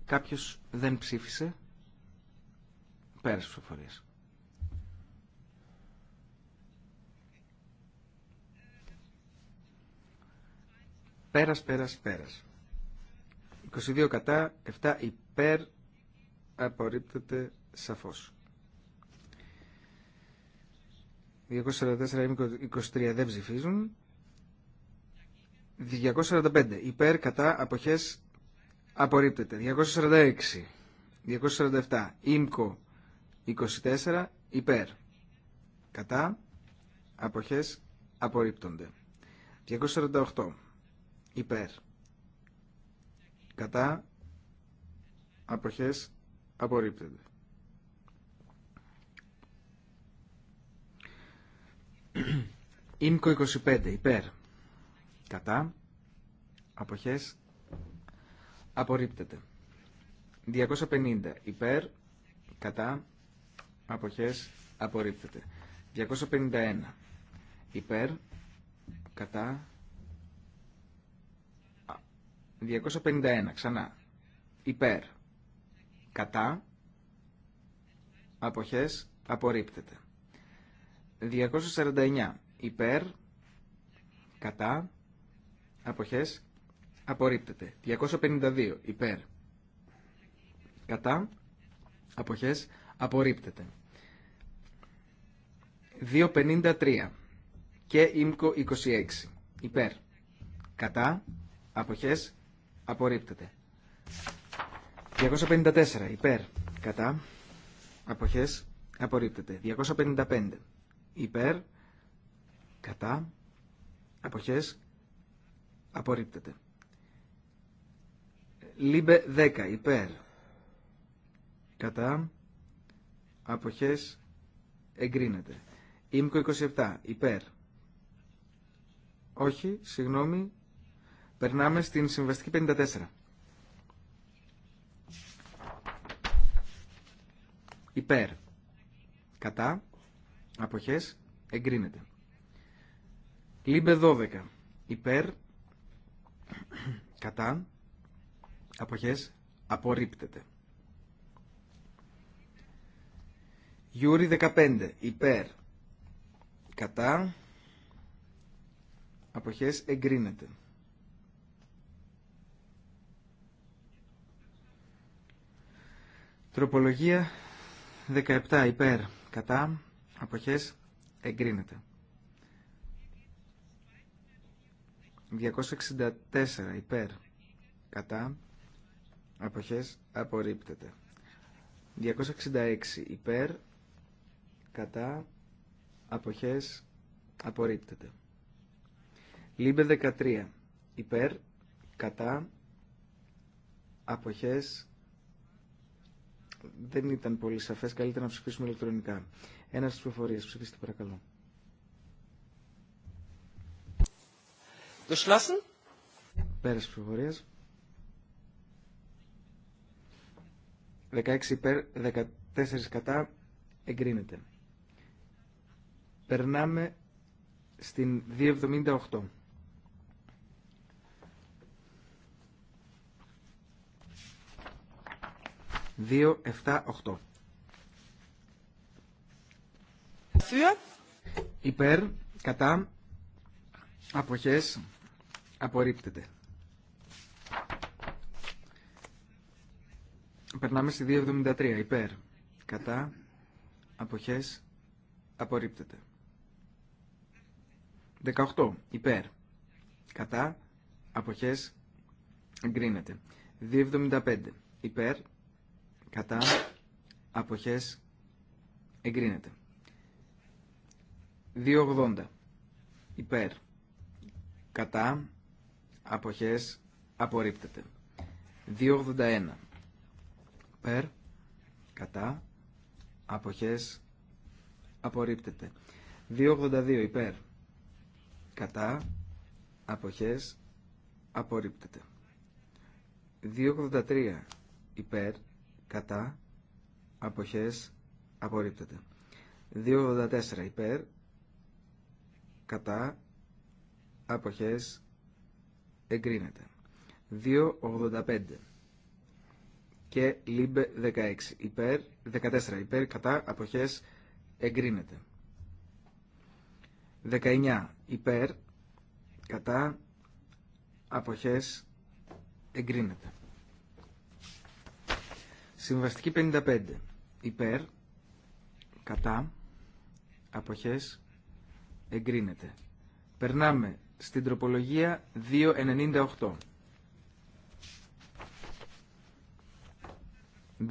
Κάποιος δεν ψήφισε. Πέρασε ψηφοφορίες. Πέρας, πέρας, πέρας. 22 κατά, 7 υπέρ, απορρίπτεται σαφώς. 244 ή 23 δεν ψηφίζουν. 245 υπέρ κατά αποχές απορρίπτεται. 246, 247, ΙΜΚΟ 24 υπέρ κατά αποχές απορρίπτονται. 248 υπέρ κατά αποχές απορρίπτεται. Ήμκο 25 υπέρ. Κατά. Αποχές. Απορρίπτεται. 250 υπέρ. Κατά. Αποχές. Απορρίπτεται. 251 υπέρ. Κατά. 251 ξανά. Υπέρ. Κατά. Αποχές. Απορρίπτεται. 249 υπέρ, κατά, αποχές, απορρίπτεται. 252 υπέρ, κατά, αποχές, απορρίπτεται. 253 και ΙΜΚΟ 26 υπέρ, κατά, αποχές, απορρίπτεται. 254 υπέρ, κατά, αποχές, απορρίπτεται. 255 υπέρ, κατά, αποχές, απορρίπτεται. Λίμπε 10 υπέρ, κατά, αποχές, εγκρίνεται. Ήμκο 27 υπέρ. Όχι, συγγνώμη, περνάμε στην συμβαστική 54. Υπέρ. Κατά. Αποχές. Εγκρίνεται. Λίμπε 12. Υπέρ, κατά, αποχές, απορρίπτεται. Γιούρι 15. Υπέρ, κατά, αποχές, εγκρίνεται. Τροπολογία 17. Υπέρ, κατά, αποχές, εγκρίνεται. 264 υπέρ κατά αποχές απορρίπτεται 266 υπέρ κατά αποχές απορρίπτεται Λίμπε 13 υπέρ κατά αποχές δεν ήταν πολύ σαφές καλύτερα να ψηφίσουμε ηλεκτρονικά ένας της προφορίες ψηφίστε παρακαλώ Geschlossen. Πέρας πληροφορία. 16 υπέρ, 14 κατά, εγκρίνεται. Περνάμε στην 278. 278. Υπέρ, κατά, αποχές, Απορρίπτεται. Περνάμε στη 273. Υπέρ. Κατά. Αποχές. Απορρίπτεται. 18. Υπέρ. Κατά. Αποχές. Εγκρίνεται. 275. Υπέρ. Κατά. Αποχές. Εγκρίνεται. 280. Υπέρ. Κατά αποχές απορρίπτεται. 281 περ κατά αποχές απορρίπτεται. 282 υπέρ κατά αποχές απορρίπτεται. 283 υπέρ κατά αποχές απορρίπτεται. 284 υπέρ κατά αποχές εγκρίνεται. 2.85 και λίμπε 16 υπέρ, 14 υπέρ, κατά, αποχές, εγκρίνεται. 19 υπέρ, κατά, αποχές, εγκρίνεται. Συμβαστική 55 υπέρ, κατά, αποχές, εγκρίνεται. Περνάμε στην τροπολογία 298.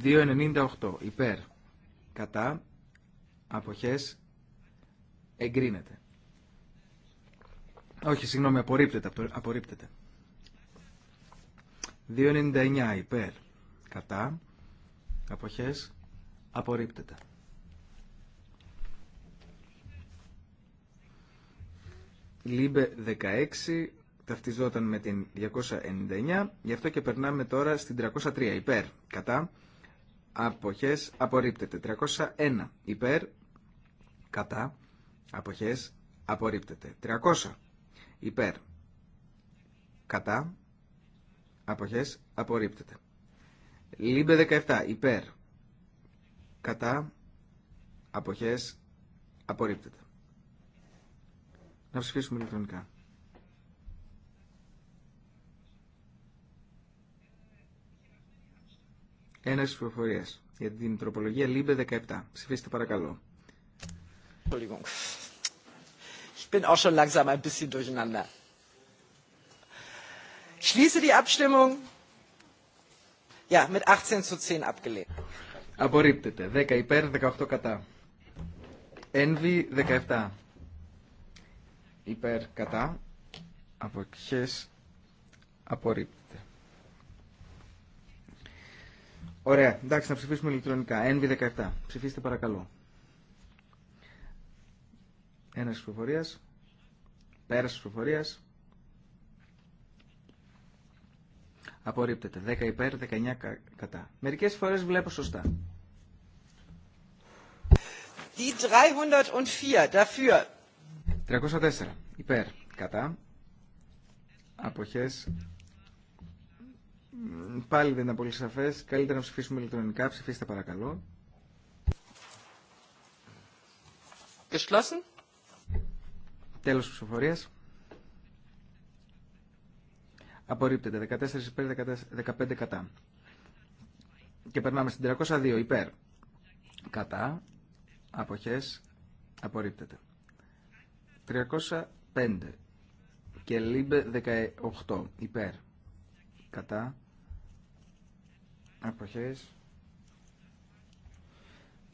298 υπέρ κατά αποχές εγκρίνεται. Όχι, συγγνώμη, απορρίπτεται. απορρίπτεται. 2,99 υπέρ κατά αποχές απορρίπτεται. Λίμπε 16 ταυτιζόταν με την 299, γι' αυτό και περνάμε τώρα στην 303 υπέρ, κατά, αποχές απορρίπτεται. 301 υπέρ, κατά, αποχές απορρίπτεται. 300 υπέρ, κατά, αποχές απορρίπτεται. Λίμπε 17 υπέρ, κατά, αποχές απορρίπτεται. Να ψηφίσουμε ηλεκτρονικά. Έναρξη ψηφοφορία για την τροπολογία ΛΥΜΠΕ 17. Ψηφίστε παρακαλώ. Ich bin auch schon langsam ein bisschen durcheinander. schließe die Abstimmung. Ja, mit 18 zu 10 abgelehnt. Απορρίπτεται. 10 υπέρ, 18 κατά. Envy 17 υπέρ κατά αποχές απορρίπτεται. Ωραία, εντάξει να ψηφίσουμε ηλεκτρονικά. NV17. Ψηφίστε παρακαλώ. Ένας προφορίας. Πέρας προφορίας. Απορρίπτεται. 10 υπέρ, 19 κατά. Μερικές φορές βλέπω σωστά. Die 304 dafür. 304. Υπέρ. Κατά. Αποχές. Πάλι δεν είναι πολύ σαφές. Καλύτερα να ψηφίσουμε ηλεκτρονικά. Ψηφίστε παρακαλώ. Geschlossen. Τέλος της ψηφοφορίας. Απορρίπτεται. 14 υπέρ, 15 κατά. Και περνάμε στην 302 υπέρ. Κατά. Αποχές. Απορρίπτεται. 305 και λίμπε 18 υπέρ κατά αποχές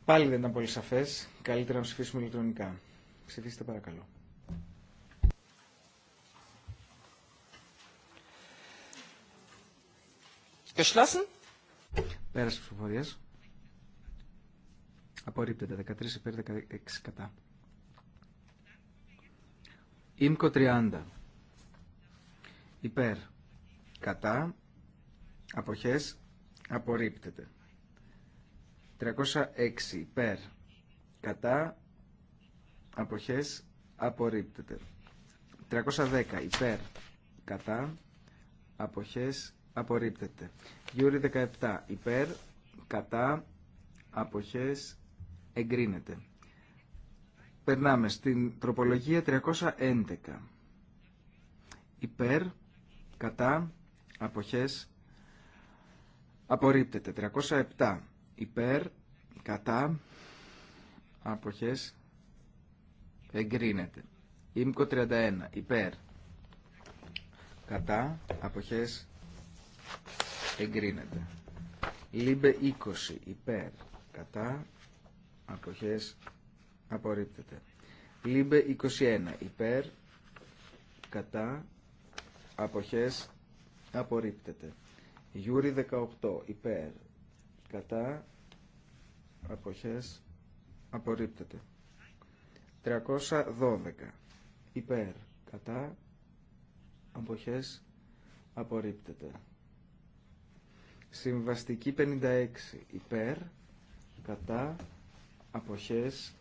πάλι δεν ήταν πολύ σαφές καλύτερα να ψηφίσουμε ηλεκτρονικά ψηφίστε παρακαλώ Geschlossen. Πέρασε ψηφοφορία. Απορρίπτεται 13 υπέρ 16 κατά. Ήμκο 30. Υπέρ. Κατά. Αποχές. Απορρίπτεται. 306. Υπέρ. Κατά. Αποχές. Απορρίπτεται. 310. Υπέρ. Κατά. Αποχές. Απορρίπτεται. Γιούρι 17. Υπέρ. Κατά. Αποχές. Εγκρίνεται. Περνάμε στην τροπολογία 311. Υπέρ, κατά, αποχές, απορρίπτεται. 307. Υπέρ, κατά, αποχές, εγκρίνεται. Ήμικο 31. Υπέρ, κατά, αποχές, εγκρίνεται. Λίμπε 20. Υπέρ, κατά, αποχές, απορρίπτεται. Λίμπε 21 υπέρ, κατά, αποχές, απορρίπτεται. Γιούρι 18 υπέρ, κατά, αποχές, απορρίπτεται. 312 υπέρ, κατά, αποχές, απορρίπτεται. Συμβαστική 56 υπέρ, κατά, αποχές,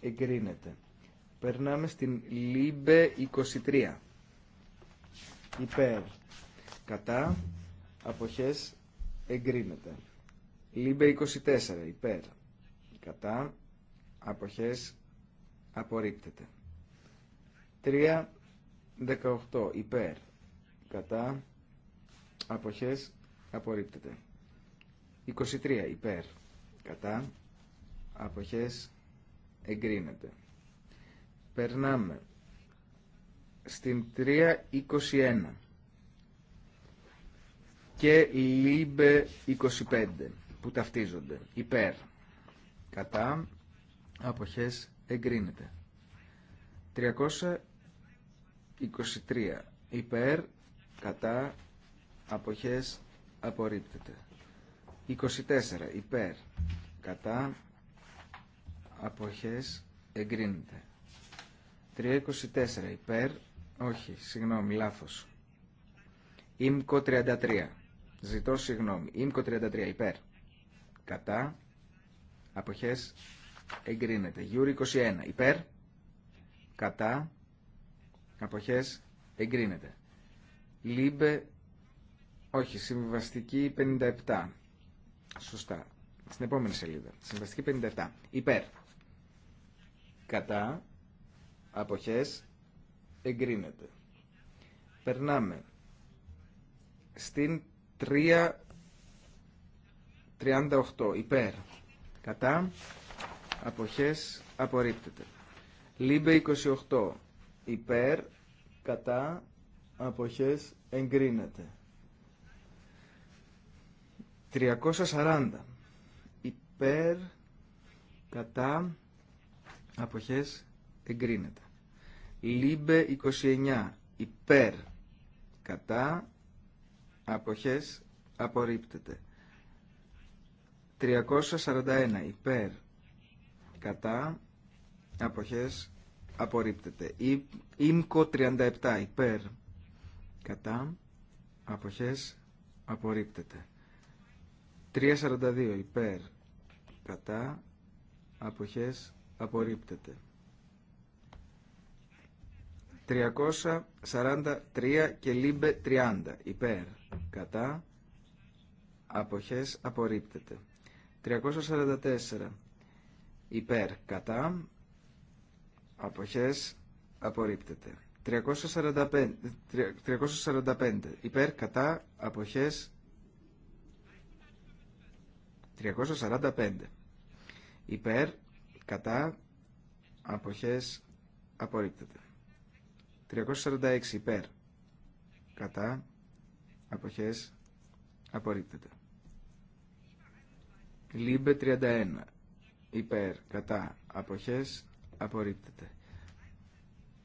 εγκρίνεται. Περνάμε στην ΛΥΜΠΕ 23. Υπέρ. Κατά. Αποχές εγκρίνεται. ΛΥΜΠΕ 24. Υπέρ. Κατά. Αποχές απορρίπτεται. 3.18. Υπέρ. Κατά. Αποχές απορρίπτεται. 23. Υπέρ. Κατά. Αποχές εγκρίνεται. Περνάμε στην 321 και λίμπε 25 που ταυτίζονται υπέρ κατά αποχές εγκρίνεται 323 υπέρ κατά αποχές απορρίπτεται 24 υπέρ κατά αποχές εγκρίνεται. 324 υπέρ, όχι, συγγνώμη, λάθος. Ήμκο 33, ζητώ συγγνώμη, Ήμκο 33 υπέρ, κατά, αποχές εγκρίνεται. Γιούρι 21 υπέρ, κατά, αποχές εγκρίνεται. Λίμπε, όχι, συμβαστική 57, σωστά, στην επόμενη σελίδα, συμβαστική 57, υπέρ κατά αποχές εγκρίνεται. Περνάμε στην 338 υπέρ κατά αποχές απορρίπτεται. Λίμπε 28 υπέρ κατά αποχές εγκρίνεται. 340 υπέρ κατά αποχές εγκρίνεται. Λίμπε 29 υπέρ κατά αποχές απορρίπτεται. 341 υπέρ κατά αποχές απορρίπτεται. Ήμκο 37 υπέρ κατά αποχές απορρίπτεται. 342 υπέρ κατά αποχές απορρίπτεται. 343 και λίμπε 30 υπέρ κατά αποχές απορρίπτεται. 344 υπέρ κατά αποχές απορρίπτεται. 345, 345 υπέρ κατά αποχές 345 υπέρ κατά αποχές απορρίπτεται 346 υπέρ κατά αποχές απορρίπτεται Λίμπε 31 υπέρ κατά αποχές απορρίπτεται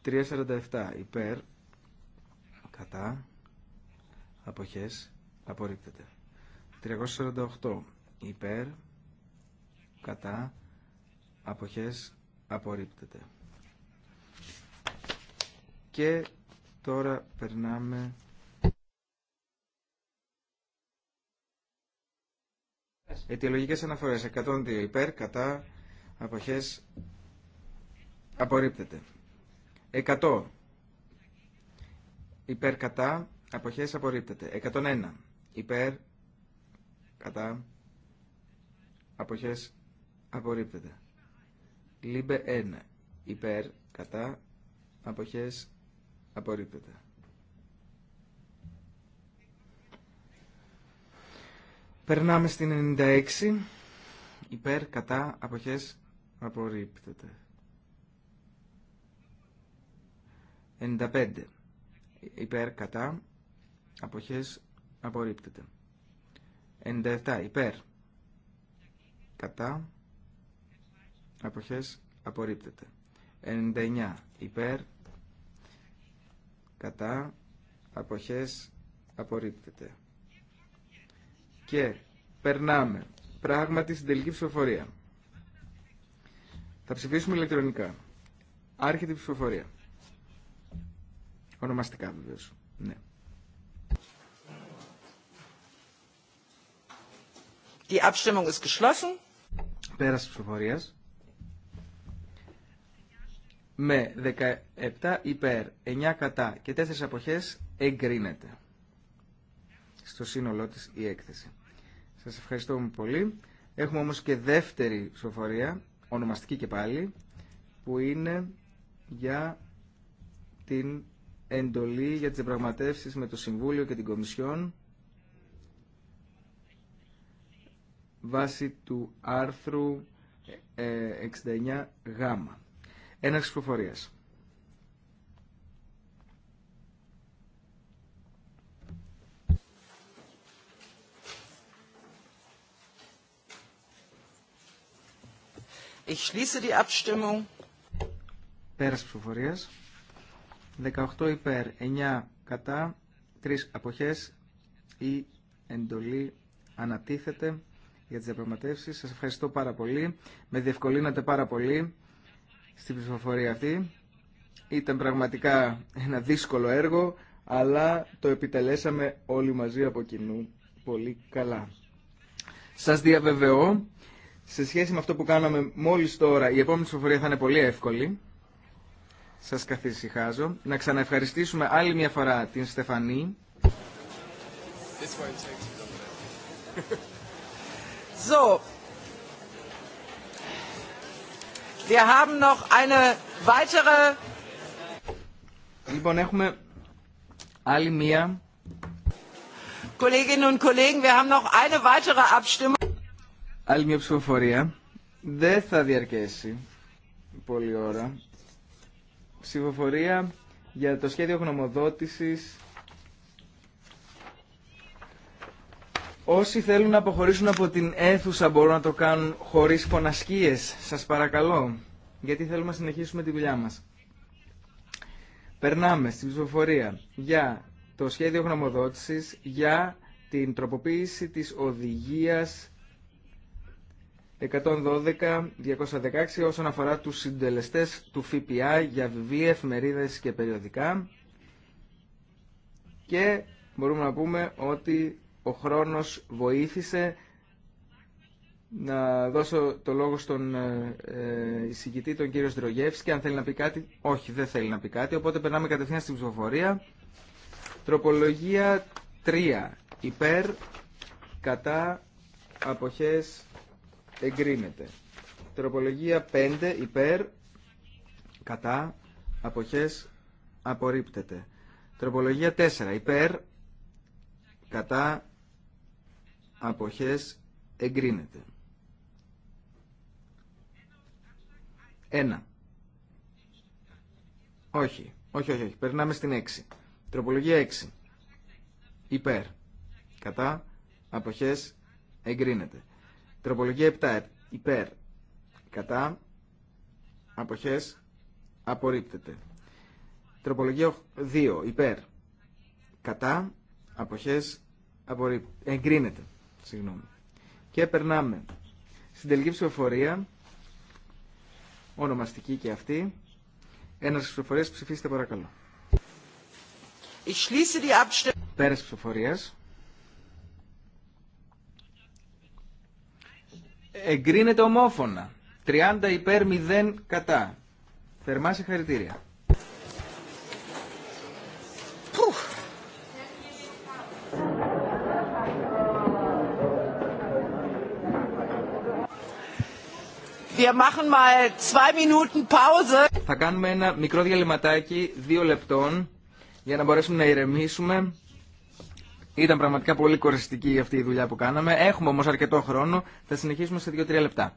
347 υπέρ κατά αποχές απορρίπτεται 348 υπέρ κατά αποχές απορρίπτεται. Και τώρα περνάμε... Αιτιολογικές αναφορές 102 υπέρ, κατά, αποχές, απορρίπτεται. 100 υπέρ, κατά, αποχές, απορρίπτεται. 101 υπέρ, κατά, αποχές, απορρίπτεται. Λίμπε 1. Υπέρ, κατά, αποχές, απορρίπτεται. Περνάμε στην 96. Υπέρ, κατά, αποχές, απορρίπτεται. 95. Υπέρ, κατά, αποχές, απορρίπτεται. 97. Υπέρ, κατά, αποχές απορρίπτεται 99 υπέρ κατά αποχές απορρίπτεται και περνάμε πράγματι στην τελική ψηφοφορία θα ψηφίσουμε ηλεκτρονικά άρχεται η ψηφοφορία ονομαστικά βεβαίω. ναι Die Abstimmung ist geschlossen. Πέραση ψηφοφορίας με 17 υπέρ, 9 κατά και 4 αποχές εγκρίνεται στο σύνολό της η έκθεση. Σας ευχαριστώ πολύ. Έχουμε όμως και δεύτερη ψηφοφορία, ονομαστική και πάλι, που είναι για την εντολή για τις διαπραγματεύσεις με το Συμβούλιο και την Κομισιόν βάσει του άρθρου 69 ε, γάμα. Έναρξη ψηφοφορίας. Ich schließe die Abstimmung. ψηφοφορίας. 18 υπέρ, 9 κατά, 3 αποχές. Η εντολή ανατίθεται για τις διαπραγματεύσεις. Σας ευχαριστώ πάρα πολύ. Με διευκολύνατε πάρα πολύ στην ψηφοφορία αυτή. Ήταν πραγματικά ένα δύσκολο έργο, αλλά το επιτελέσαμε όλοι μαζί από κοινού πολύ καλά. Σας διαβεβαιώ, σε σχέση με αυτό που κάναμε μόλις τώρα, η επόμενη ψηφοφορία θα είναι πολύ εύκολη. Σας καθησυχάζω. Να ξαναευχαριστήσουμε άλλη μια φορά την Στεφανή. Λοιπόν, έχουμε άλλη μία. Άλλη μία ψηφοφορία. Δεν θα διαρκέσει πολύ ώρα. Ψηφοφορία για το σχέδιο γνωμοδότησης Όσοι θέλουν να αποχωρήσουν από την αίθουσα μπορούν να το κάνουν χωρίς φωνασκίες. Σας παρακαλώ, γιατί θέλουμε να συνεχίσουμε τη δουλειά μας. Περνάμε στην ψηφοφορία για το σχέδιο γνωμοδότησης για την τροποποίηση της οδηγίας 112-216 όσον αφορά τους συντελεστές του ΦΠΑ για βιβλία, εφημερίδες και περιοδικά και μπορούμε να πούμε ότι ο χρόνος βοήθησε να δώσω το λόγο στον ε, ε, εισηγητή, τον κύριο Στρογεύσκη, αν θέλει να πει κάτι. Όχι, δεν θέλει να πει κάτι, οπότε περνάμε κατευθείαν στην ψηφοφορία. Τροπολογία 3. Υπέρ, κατά, αποχές, εγκρίνεται. Τροπολογία 5. Υπέρ, κατά, αποχές, απορρίπτεται. Τροπολογία 4. Υπέρ, κατά, αποχές εγκρίνεται. 1. Όχι, όχι, όχι, όχι. Περνάμε στην 6. Τροπολογία 6. Υπέρ. Κατά. Αποχές. Εγκρίνεται. Τροπολογία 7. Υπέρ. Κατά. Αποχές. Απορρίπτεται. Τροπολογία 2. Υπέρ. Κατά. Αποχές. Απορρίπτεται. Εγκρίνεται. Συγγνώμη. Και περνάμε στην τελική ψηφοφορία, ονομαστική και αυτή. Ένας ψηφοφορία ψηφίστε παρακαλώ. Πέρες ψηφοφορίας. Εγκρίνεται ομόφωνα. 30 υπέρ 0 κατά. Θερμά συγχαρητήρια. Θα κάνουμε ένα μικρό διαλυματάκι, δύο λεπτών, για να μπορέσουμε να ηρεμήσουμε. Ήταν πραγματικά πολύ κοριστική αυτή η δουλειά που κάναμε. Έχουμε όμως αρκετό χρόνο. Θα συνεχίσουμε σε δύο-τρία λεπτά.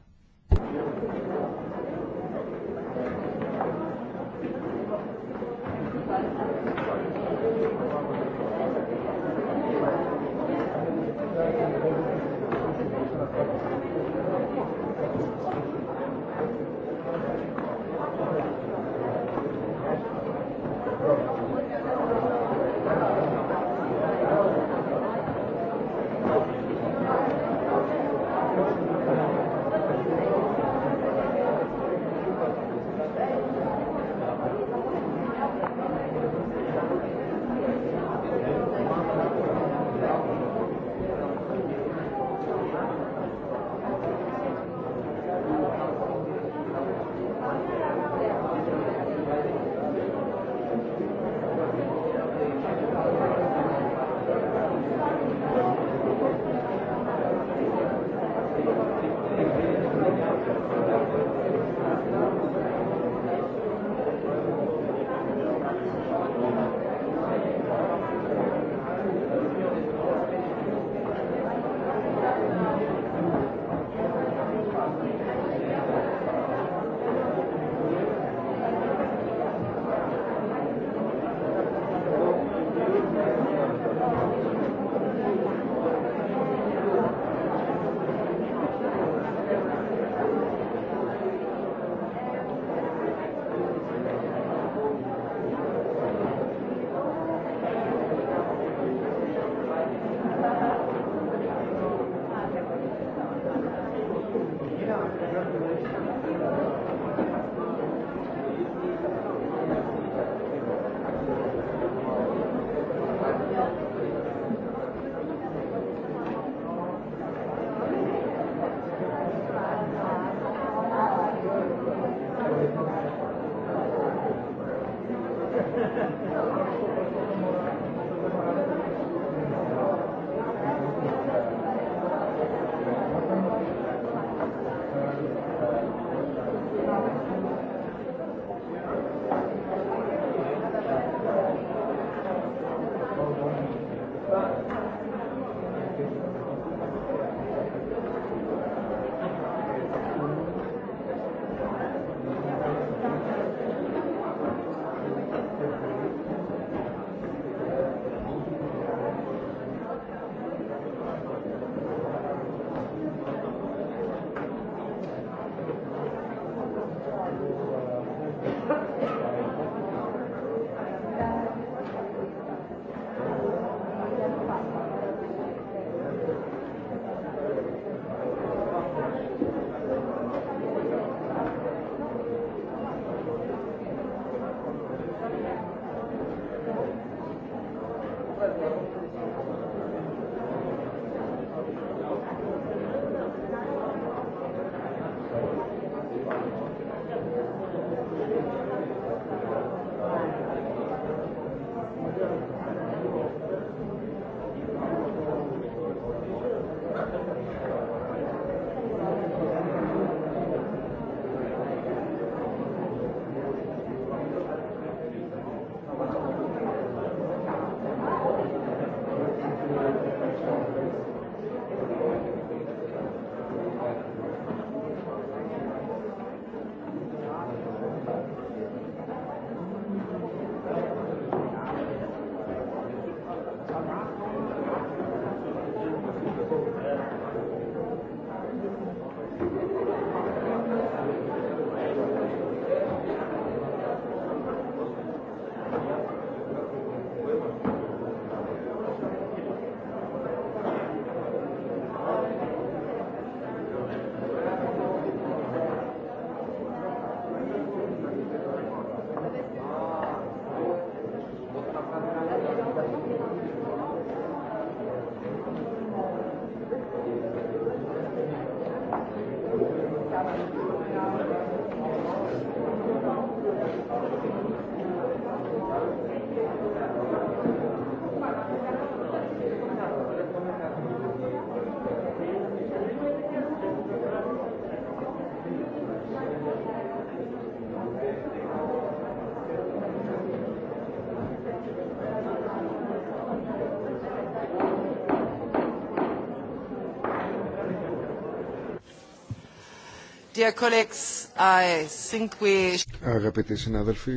Αγαπητοί συνάδελφοι,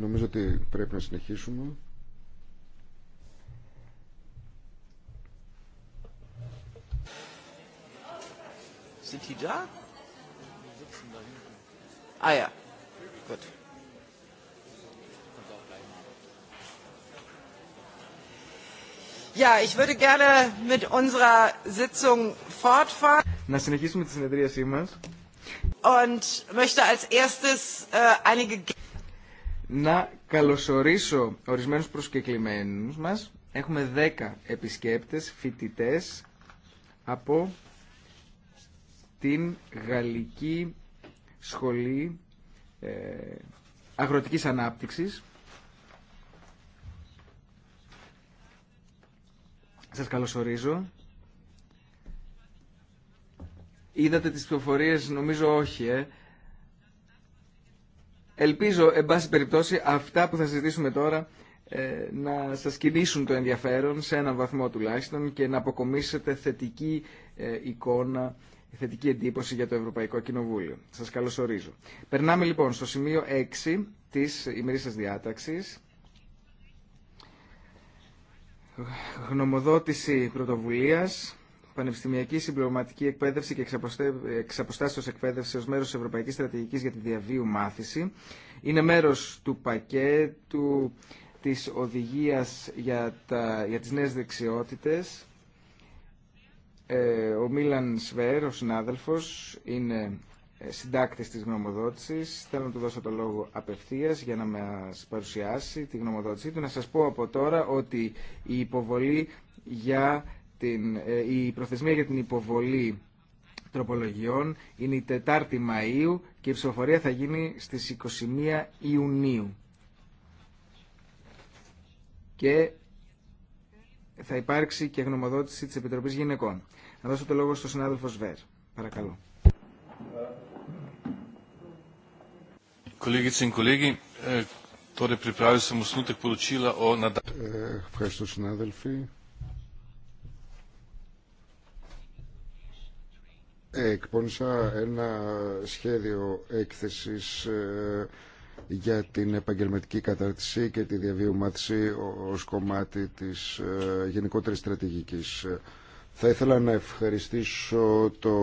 νομίζω ότι πρέπει να συνεχίσουμε. Να συνεχίσουμε τη συνεδρίασή μας. Und möchte als erstes, äh, einige... Να καλωσορίσω ορισμένους προσκεκλημένους μας. Έχουμε 10 επισκέπτες, φοιτητές από την Γαλλική Σχολή ε, Αγροτικής Ανάπτυξης. Σας καλωσορίζω. Είδατε τις πληροφορίες νομίζω όχι, ε. Ελπίζω, εν πάση περιπτώσει, αυτά που θα συζητήσουμε τώρα ε, να σας κινήσουν το ενδιαφέρον σε έναν βαθμό τουλάχιστον και να αποκομίσετε θετική ε, εικόνα, θετική εντύπωση για το Ευρωπαϊκό Κοινοβούλιο. Σας καλωσορίζω. Περνάμε λοιπόν στο σημείο 6 της ημερήσιας διάταξης. Γνωμοδότηση πρωτοβουλίας πανεπιστημιακή συμπληρωματική εκπαίδευση και εξαποστάσεω εκπαίδευση ω μέρος τη Ευρωπαϊκής Στρατηγικής για τη Διαβίου Μάθηση. Είναι μέρος του πακέτου της οδηγίας για, τα, για τις νέες δεξιότητες. Ε, ο Μίλαν Σβέρ, ο συνάδελφο, είναι ε, συντάκτης της γνωμοδότησης. Θέλω να του δώσω το λόγο απευθείας για να μας παρουσιάσει τη γνωμοδότησή του. Να σας πω από τώρα ότι η υποβολή για την, ε, η προθεσμία για την υποβολή τροπολογιών είναι η 4η Μαΐου και η ψηφοφορία θα γίνει στις 21 Ιουνίου. Και θα υπάρξει και γνωμοδότηση της Επιτροπής Γυναικών. Να δώσω το λόγο στον συνάδελφο Σβέρ. Παρακαλώ. Äh, äh, äh, ευχαριστώ συνάδελφοι. εκπώνησα ένα σχέδιο έκθεσης ε, για την επαγγελματική κατάρτιση και τη διαβίωματισή ως κομμάτι της ε, γενικότερης στρατηγικής. Θα ήθελα να ευχαριστήσω το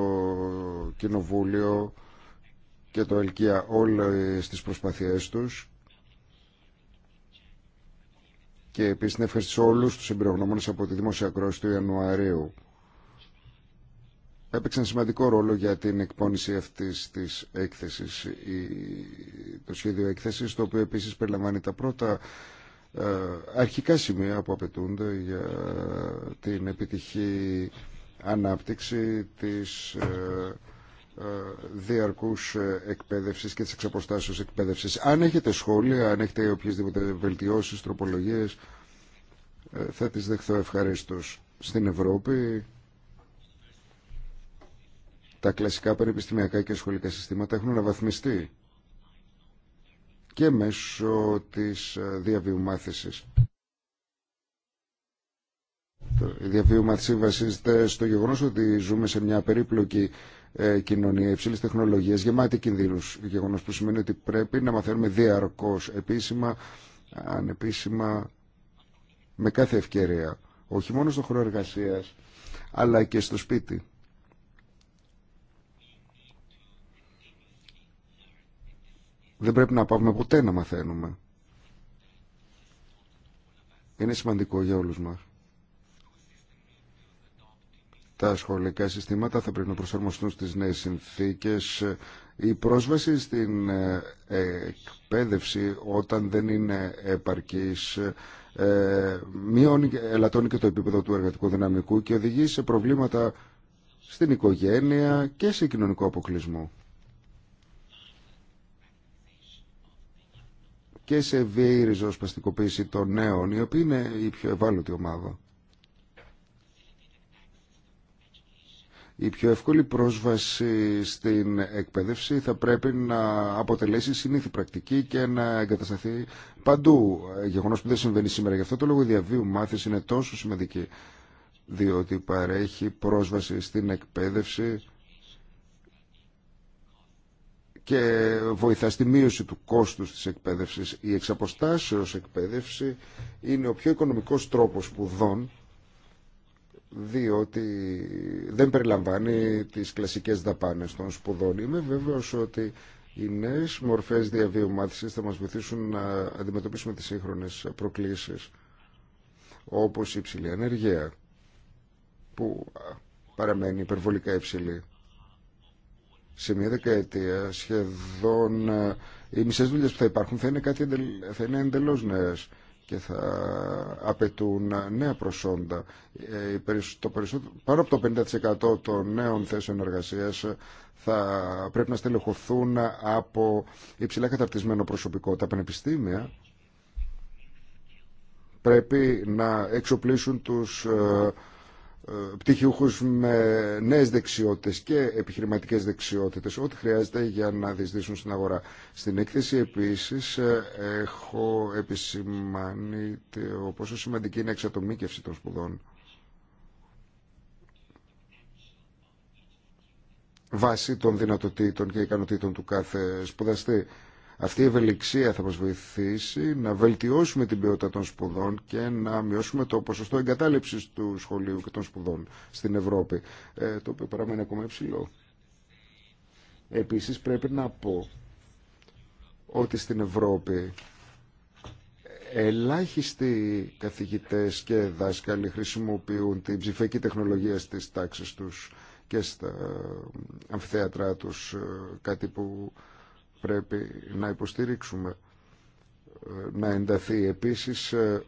Κοινοβούλιο και το ΕΛΚΙΑ όλες τις προσπαθειές τους και επίσης να ευχαριστήσω όλους τους εμπειρογνώμονες από τη Δημοσιακρόση του Ιανουαρίου έπαιξαν σημαντικό ρόλο για την εκπόνηση αυτής της έκθεσης, το σχέδιο έκθεσης, το οποίο επίσης περιλαμβάνει τα πρώτα ε, αρχικά σημεία που απαιτούνται για την επιτυχή ανάπτυξη της ε, ε, διαρκούς εκπαίδευσης και της εξαποστάσεως εκπαίδευσης. Αν έχετε σχόλια, αν έχετε οποιασδήποτε βελτιώσεις, τροπολογίες, θα τις δεχθώ ευχαρίστως στην Ευρώπη τα κλασικά πανεπιστημιακά και σχολικά συστήματα έχουν αναβαθμιστεί και μέσω της ε, διαβίου μάθησης. Η διαβίου μάθηση βασίζεται στο γεγονός ότι ζούμε σε μια περίπλοκη ε, κοινωνία υψηλή τεχνολογία, γεμάτη κινδύνους. Γεγονός που σημαίνει ότι πρέπει να μαθαίνουμε διαρκώς, επίσημα, ανεπίσημα, με κάθε ευκαιρία. Όχι μόνο στο χώρο εργασίας, αλλά και στο σπίτι. Δεν πρέπει να πάμε ποτέ να μαθαίνουμε. Είναι σημαντικό για όλους μας. Τα σχολικά συστήματα θα πρέπει να προσαρμοστούν στις νέες συνθήκες. Η πρόσβαση στην ε, εκπαίδευση όταν δεν είναι επαρκής ε, μειώνει, ελαττώνει και το επίπεδο του εργατικού δυναμικού και οδηγεί σε προβλήματα στην οικογένεια και σε κοινωνικό αποκλεισμό. και σε βίαιη ριζοσπαστικοποίηση των νέων, οι οποίοι είναι η πιο ευάλωτη ομάδα. Η πιο εύκολη πρόσβαση στην εκπαίδευση θα πρέπει να αποτελέσει συνήθη πρακτική και να εγκατασταθεί παντού. Γεγονό που δεν συμβαίνει σήμερα. Γι' αυτό το λόγο η διαβίου μάθηση είναι τόσο σημαντική, διότι παρέχει πρόσβαση στην εκπαίδευση και βοηθά στη μείωση του κόστους της εκπαίδευσης. Η εξαποστάσεως εκπαίδευση είναι ο πιο οικονομικός τρόπος σπουδών διότι δεν περιλαμβάνει τις κλασικές δαπάνες των σπουδών. Είμαι βέβαιος ότι οι νέες μορφές διαβίου θα μας βοηθήσουν να αντιμετωπίσουμε τις σύγχρονες προκλήσεις όπως η υψηλή ανεργία που παραμένει υπερβολικά υψηλή σε μια δεκαετία σχεδόν ε, οι μισές δουλειές που θα υπάρχουν θα είναι, κάτι, θα εντελώς νέες και θα απαιτούν ε, νέα προσόντα. Ε, το πάνω από το 50% των νέων θέσεων εργασίας θα πρέπει να στελεχωθούν από υψηλά καταρτισμένο προσωπικό. Τα πανεπιστήμια πρέπει να εξοπλίσουν τους πτυχιούχους με νέες δεξιότητες και επιχειρηματικές δεξιότητες, ό,τι χρειάζεται για να διεισδύσουν στην αγορά. Στην έκθεση επίσης ε, έχω επισημάνει πόσο σημαντική είναι η εξατομίκευση των σπουδών. Βάσει των δυνατοτήτων και ικανοτήτων του κάθε σπουδαστή. Αυτή η ευελιξία θα μας βοηθήσει να βελτιώσουμε την ποιότητα των σπουδών και να μειώσουμε το ποσοστό εγκατάλειψης του σχολείου και των σπουδών στην Ευρώπη, ε, το οποίο παραμένει ακόμα υψηλό. Επίσης πρέπει να πω ότι στην Ευρώπη ελάχιστοι καθηγητές και δάσκαλοι χρησιμοποιούν την ψηφιακή τεχνολογία στις τάξεις τους και στα ε, αμφιθέατρά τους, ε, κάτι που πρέπει να υποστηρίξουμε ε, να ενταθεί επίσης ε,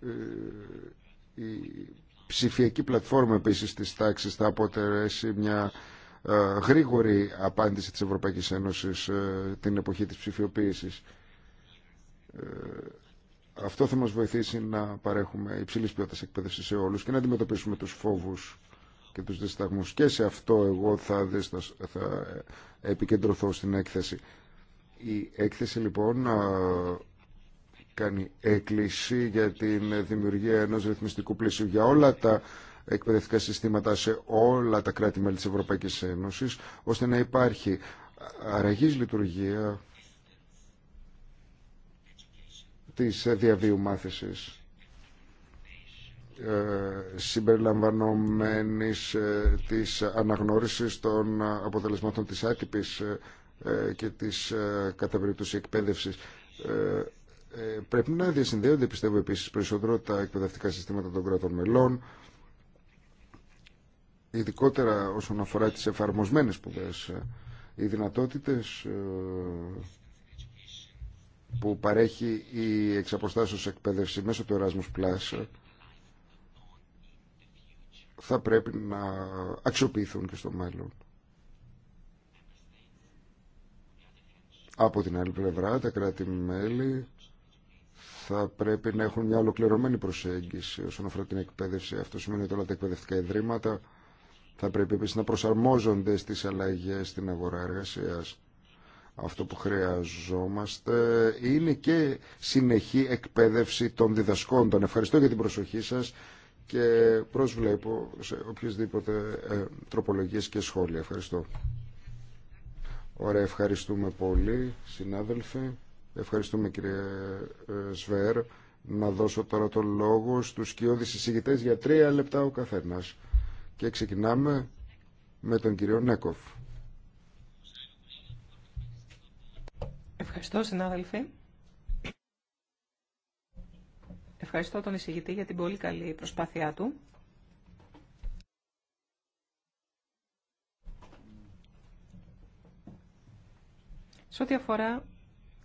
ε, η ψηφιακή πλατφόρμα επίσης της τάξης θα αποτελέσει μια γρήγορη απάντηση της Ευρωπαϊκής Ένωσης την εποχή της ψηφιοποίησης. Αυτό θα μας βοηθήσει να παρέχουμε υψηλής ποιότητας εκπαίδευση σε όλους και να αντιμετωπίσουμε τους φόβους και τους δισταγμούς. Και σε αυτό εγώ θα, διστασ... θα επικεντρωθώ στην έκθεση. Η έκθεση λοιπόν κάνει έκκληση για την δημιουργία ενός ρυθμιστικού πλαίσιου για όλα τα εκπαιδευτικά συστήματα σε όλα τα κράτη-μέλη της Ευρωπαϊκής Ένωσης, ώστε να υπάρχει αραγής λειτουργία της διαβίου μάθησης ε, συμπεριλαμβανομένης ε, της αναγνώρισης των αποτελεσμάτων της άτυπης ε, και της κατά περίπτωση εκπαίδευσης. Πρέπει να διασυνδέονται, πιστεύω, επίσης περισσότερο τα εκπαιδευτικά συστήματα των κρατών μελών, ειδικότερα όσον αφορά τις εφαρμοσμένες σπουδές, οι δυνατότητες που παρέχει η εξαποστάσεως εκπαίδευση μέσω του Erasmus Plus θα πρέπει να αξιοποιηθούν και στο μέλλον. Από την άλλη πλευρά, τα κράτη-μέλη θα πρέπει να έχουν μια ολοκληρωμένη προσέγγιση όσον αφορά την εκπαίδευση. Αυτό σημαίνει ότι όλα τα εκπαιδευτικά ιδρύματα θα πρέπει επίσης να προσαρμόζονται στις αλλαγές στην αγορά εργασίας. Αυτό που χρειαζόμαστε είναι και συνεχή εκπαίδευση των διδασκόντων. Ευχαριστώ για την προσοχή σας και προσβλέπω σε οποιασδήποτε ε, τροπολογίες και σχόλια. Ευχαριστώ. Ωραία, ευχαριστούμε πολύ, συνάδελφοι. Ευχαριστούμε, κύριε ε, Σβέρ. Να δώσω τώρα το λόγο στους σκιώδεις εισηγητές για τρία λεπτά ο καθένας. Και ξεκινάμε με τον κύριο Νέκοφ. Ευχαριστώ, συνάδελφοι. Ευχαριστώ τον εισηγητή για την πολύ καλή προσπάθειά του. Σε ό,τι αφορά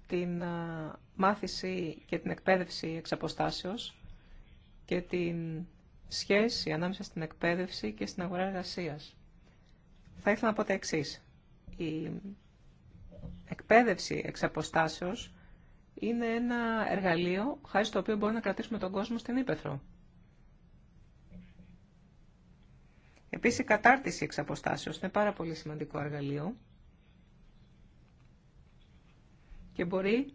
την μάθηση και την εκπαίδευση εξ και την σχέση ανάμεσα στην εκπαίδευση και στην αγορά εργασίας. Θα ήθελα να πω τα εξής. Η εκπαίδευση εξ είναι ένα εργαλείο χάρη στο οποίο μπορεί να κρατήσουμε τον κόσμο στην ύπεθρο. Επίσης η κατάρτιση εξ αποστάσεως είναι πάρα πολύ σημαντικό εργαλείο και μπορεί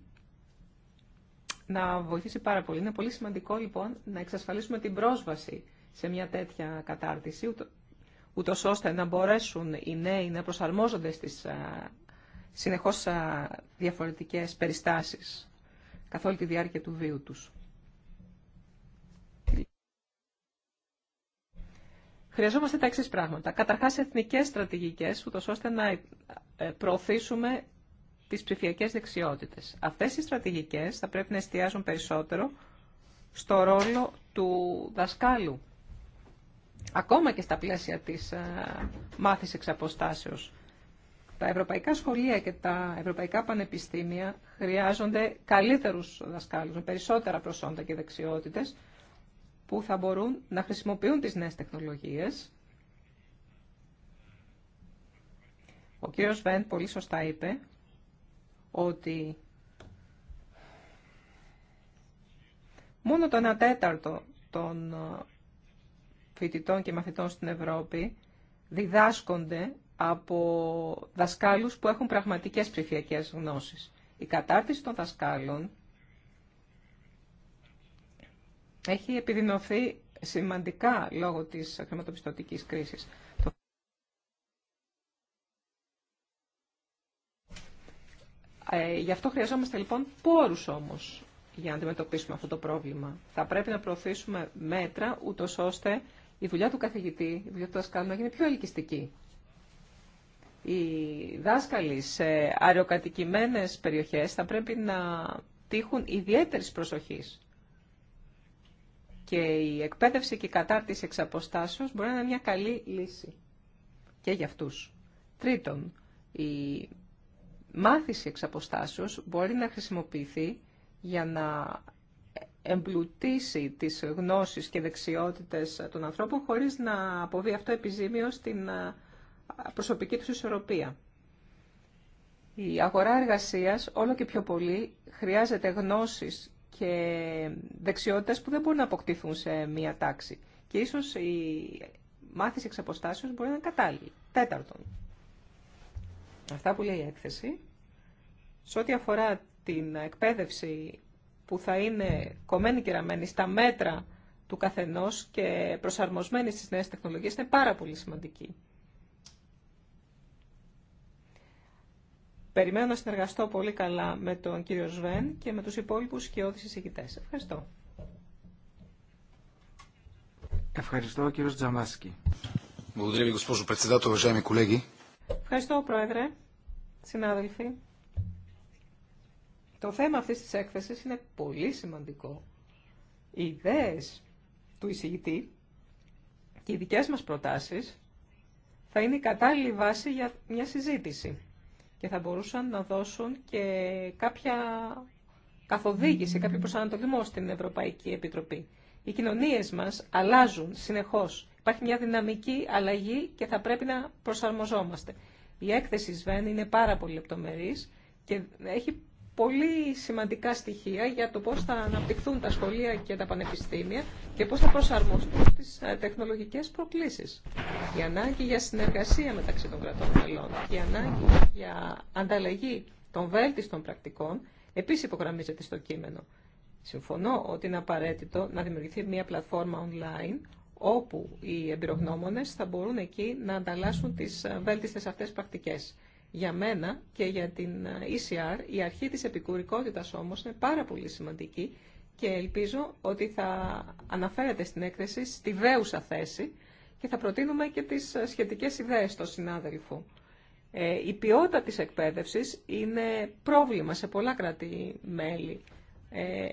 να βοηθήσει πάρα πολύ. Είναι πολύ σημαντικό λοιπόν να εξασφαλίσουμε την πρόσβαση σε μια τέτοια κατάρτιση, ούτω ώστε να μπορέσουν οι νέοι να προσαρμόζονται στις συνεχώς διαφορετικές περιστάσεις καθ' όλη τη διάρκεια του βίου τους. Χρειαζόμαστε τα εξή πράγματα. Καταρχάς εθνικές στρατηγικές, ούτως ώστε να ε, προωθήσουμε τις ψηφιακέ δεξιότητες. Αυτές οι στρατηγικές θα πρέπει να εστιάζουν περισσότερο στο ρόλο του δασκάλου. Ακόμα και στα πλαίσια της ε, μάθησης εξ τα ευρωπαϊκά σχολεία και τα ευρωπαϊκά πανεπιστήμια χρειάζονται καλύτερους δασκάλους, με περισσότερα προσόντα και δεξιότητες, που θα μπορούν να χρησιμοποιούν τις νέες τεχνολογίες. Ο κύριος Βέντ πολύ σωστά είπε ότι μόνο το 1 τέταρτο των φοιτητών και μαθητών στην Ευρώπη διδάσκονται από δασκάλους που έχουν πραγματικές ψηφιακέ γνώσεις. Η κατάρτιση των δασκάλων έχει επιδεινωθεί σημαντικά λόγω της χρηματοπιστωτικής κρίσης. Ε, γι' αυτό χρειαζόμαστε λοιπόν πόρους όμως για να αντιμετωπίσουμε αυτό το πρόβλημα. Θα πρέπει να προωθήσουμε μέτρα ούτως ώστε η δουλειά του καθηγητή, η δουλειά του δασκάλου να γίνει πιο ελκυστική. Οι δάσκαλοι σε αεροκατοικημένες περιοχές θα πρέπει να τύχουν ιδιαίτερης προσοχής. Και η εκπαίδευση και η κατάρτιση εξ μπορεί να είναι μια καλή λύση και για αυτούς. Τρίτον, η μάθηση εξ μπορεί να χρησιμοποιηθεί για να εμπλουτίσει τις γνώσεις και δεξιότητες των ανθρώπων χωρίς να αποβεί αυτό επιζήμιο στην προσωπική τους ισορροπία. Η αγορά εργασίας όλο και πιο πολύ χρειάζεται γνώσεις και δεξιότητες που δεν μπορούν να αποκτηθούν σε μία τάξη. Και ίσως η μάθηση εξ αποστάσεως μπορεί να είναι κατάλληλη. Τέταρτον, αυτά που λέει η έκθεση, σε ό,τι αφορά την εκπαίδευση που θα είναι κομμένη και ραμμένη στα μέτρα του καθενός και προσαρμοσμένη στις νέες τεχνολογίες, είναι πάρα πολύ σημαντική. Περιμένω να συνεργαστώ πολύ καλά με τον κύριο Σβέν και με τους υπόλοιπους όδης εισηγητές. Ευχαριστώ. Ευχαριστώ, κύριο Τζαμάσκι. Ευχαριστώ, Πρόεδρε, συνάδελφοι. Το θέμα αυτής της έκθεσης είναι πολύ σημαντικό. Οι ιδέες του εισηγητή και οι δικές μας προτάσεις θα είναι η κατάλληλη βάση για μια συζήτηση και θα μπορούσαν να δώσουν και κάποια καθοδήγηση, κάποιο προσανατολισμό στην Ευρωπαϊκή Επιτροπή. Οι κοινωνίες μας αλλάζουν συνεχώς. Υπάρχει μια δυναμική αλλαγή και θα πρέπει να προσαρμοζόμαστε. Η έκθεση Σβέν είναι πάρα πολύ λεπτομερής και έχει πολύ σημαντικά στοιχεία για το πώς θα αναπτυχθούν τα σχολεία και τα πανεπιστήμια και πώς θα προσαρμοστούν στις ε, τεχνολογικές προκλήσεις. Η ανάγκη για συνεργασία μεταξύ των κρατών μελών και η ανάγκη για ανταλλαγή των βέλτιστων πρακτικών επίσης υπογραμμίζεται στο κείμενο. Συμφωνώ ότι είναι απαραίτητο να δημιουργηθεί μια πλατφόρμα online όπου οι εμπειρογνώμονες θα μπορούν εκεί να ανταλλάσσουν τις ε, βέλτιστες αυτές πρακτικές. Για μένα και για την ε, ECR η αρχή της επικουρικότητας όμως είναι πάρα πολύ σημαντική και ελπίζω ότι θα αναφέρεται στην έκθεση στη βέουσα θέση και θα προτείνουμε και τις ε, σχετικές ιδέες στο συνάδελφο. Ε, η ποιότητα της εκπαίδευσης είναι πρόβλημα σε πολλά κράτη-μέλη. Ε,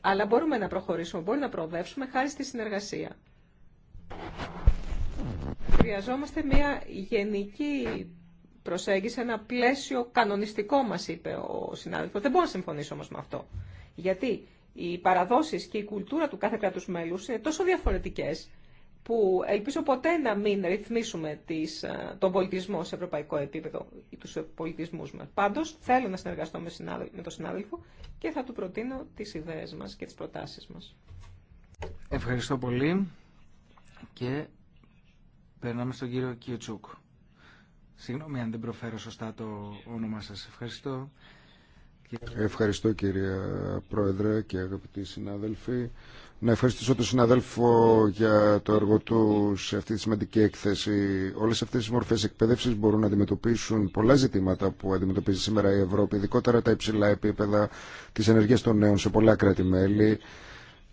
αλλά μπορούμε να προχωρήσουμε, μπορούμε να προοδεύσουμε χάρη στη συνεργασία. Χρειαζόμαστε μια γενική προσέγγισε ένα πλαίσιο κανονιστικό, μας είπε ο συνάδελφος. Δεν μπορώ να συμφωνήσω όμως με αυτό. Γιατί οι παραδόσεις και η κουλτούρα του κάθε κράτους μέλους είναι τόσο διαφορετικές που ελπίζω ποτέ να μην ρυθμίσουμε τις, ε, τον πολιτισμό σε ευρωπαϊκό επίπεδο ή τους πολιτισμούς μας. Πάντως θέλω να συνεργαστώ με, με τον συνάδελφο και θα του προτείνω τις ιδέες μας και τις προτάσεις μας. Ευχαριστώ πολύ και περνάμε στον κύριο Κιουτσούκ. Συγγνώμη αν δεν προφέρω σωστά το όνομά σας. Ευχαριστώ. Ευχαριστώ κύριε Πρόεδρε και αγαπητοί συνάδελφοι. Να ευχαριστήσω τον συναδέλφο για το έργο του σε αυτή τη σημαντική έκθεση. Όλε αυτέ οι μορφέ εκπαίδευση μπορούν να αντιμετωπίσουν πολλά ζητήματα που αντιμετωπίζει σήμερα η Ευρώπη, ειδικότερα τα υψηλά επίπεδα τη ενεργεια των νέων σε πολλά κράτη-μέλη,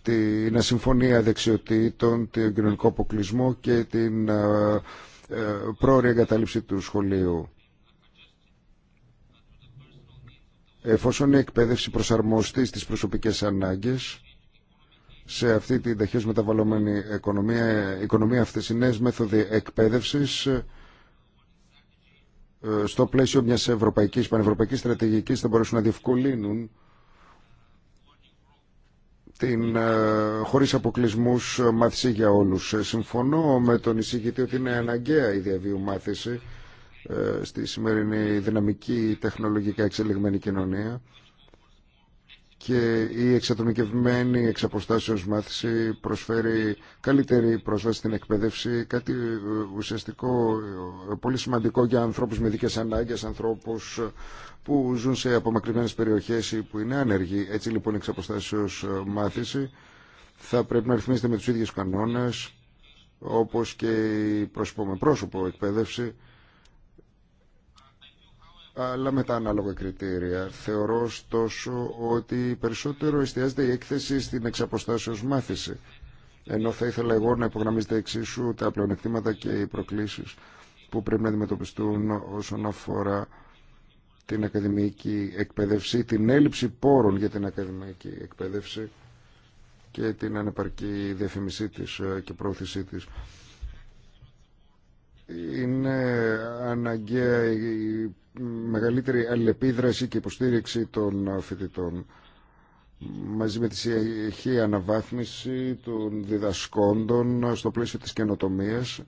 την ασυμφωνία δεξιοτήτων, τον κοινωνικό αποκλεισμό και την πρόορη εγκατάλειψη του σχολείου. Εφόσον η εκπαίδευση προσαρμοστεί στις προσωπικές ανάγκες, σε αυτή την ταχύως μεταβαλλόμενη οικονομία, οικονομία αυτές οι νέες μέθοδοι εκπαίδευσης ε, στο πλαίσιο μιας ευρωπαϊκής, πανευρωπαϊκής στρατηγικής θα μπορέσουν να διευκολύνουν την ε, χωρίς αποκλεισμούς ε, μάθηση για όλους. Ε, συμφωνώ με τον εισηγητή ότι είναι αναγκαία η διαβίου μάθηση στη σημερινή δυναμική τεχνολογικά εξελιγμένη κοινωνία και η εξατομικευμένη αποστάσεως μάθηση προσφέρει καλύτερη πρόσβαση στην εκπαίδευση, κάτι ε, ουσιαστικό, ε, πολύ σημαντικό για ανθρώπους με δικές ανάγκες, ανθρώπους που ζουν σε απομακρυσμένες περιοχές ή που είναι άνεργοι. Έτσι λοιπόν η εξαποστάσεως λοιπον η αποστάσεως μαθηση θα πρέπει να ρυθμίζεται με τους ίδιους κανόνες, όπως και η πρόσωπο με πρόσωπο εκπαίδευση, αλλά με τα ανάλογα κριτήρια. Θεωρώ ωστόσο ότι περισσότερο εστιάζεται η έκθεση στην εξαποστάσεως μάθηση. Ενώ θα ήθελα εγώ να υπογραμμίζεται εξίσου τα πλεονεκτήματα και οι προκλήσεις που πρέπει να αντιμετωπιστούν όσον αφορά την ακαδημαϊκή εκπαίδευση, την έλλειψη πόρων για την ακαδημαϊκή εκπαίδευση και την ανεπαρκή διαφημισή της και πρόθεσή της είναι αναγκαία η μεγαλύτερη αλληλεπίδραση και υποστήριξη των φοιτητών μαζί με τη συνεχή αναβάθμιση των διδασκόντων στο πλαίσιο της καινοτομίας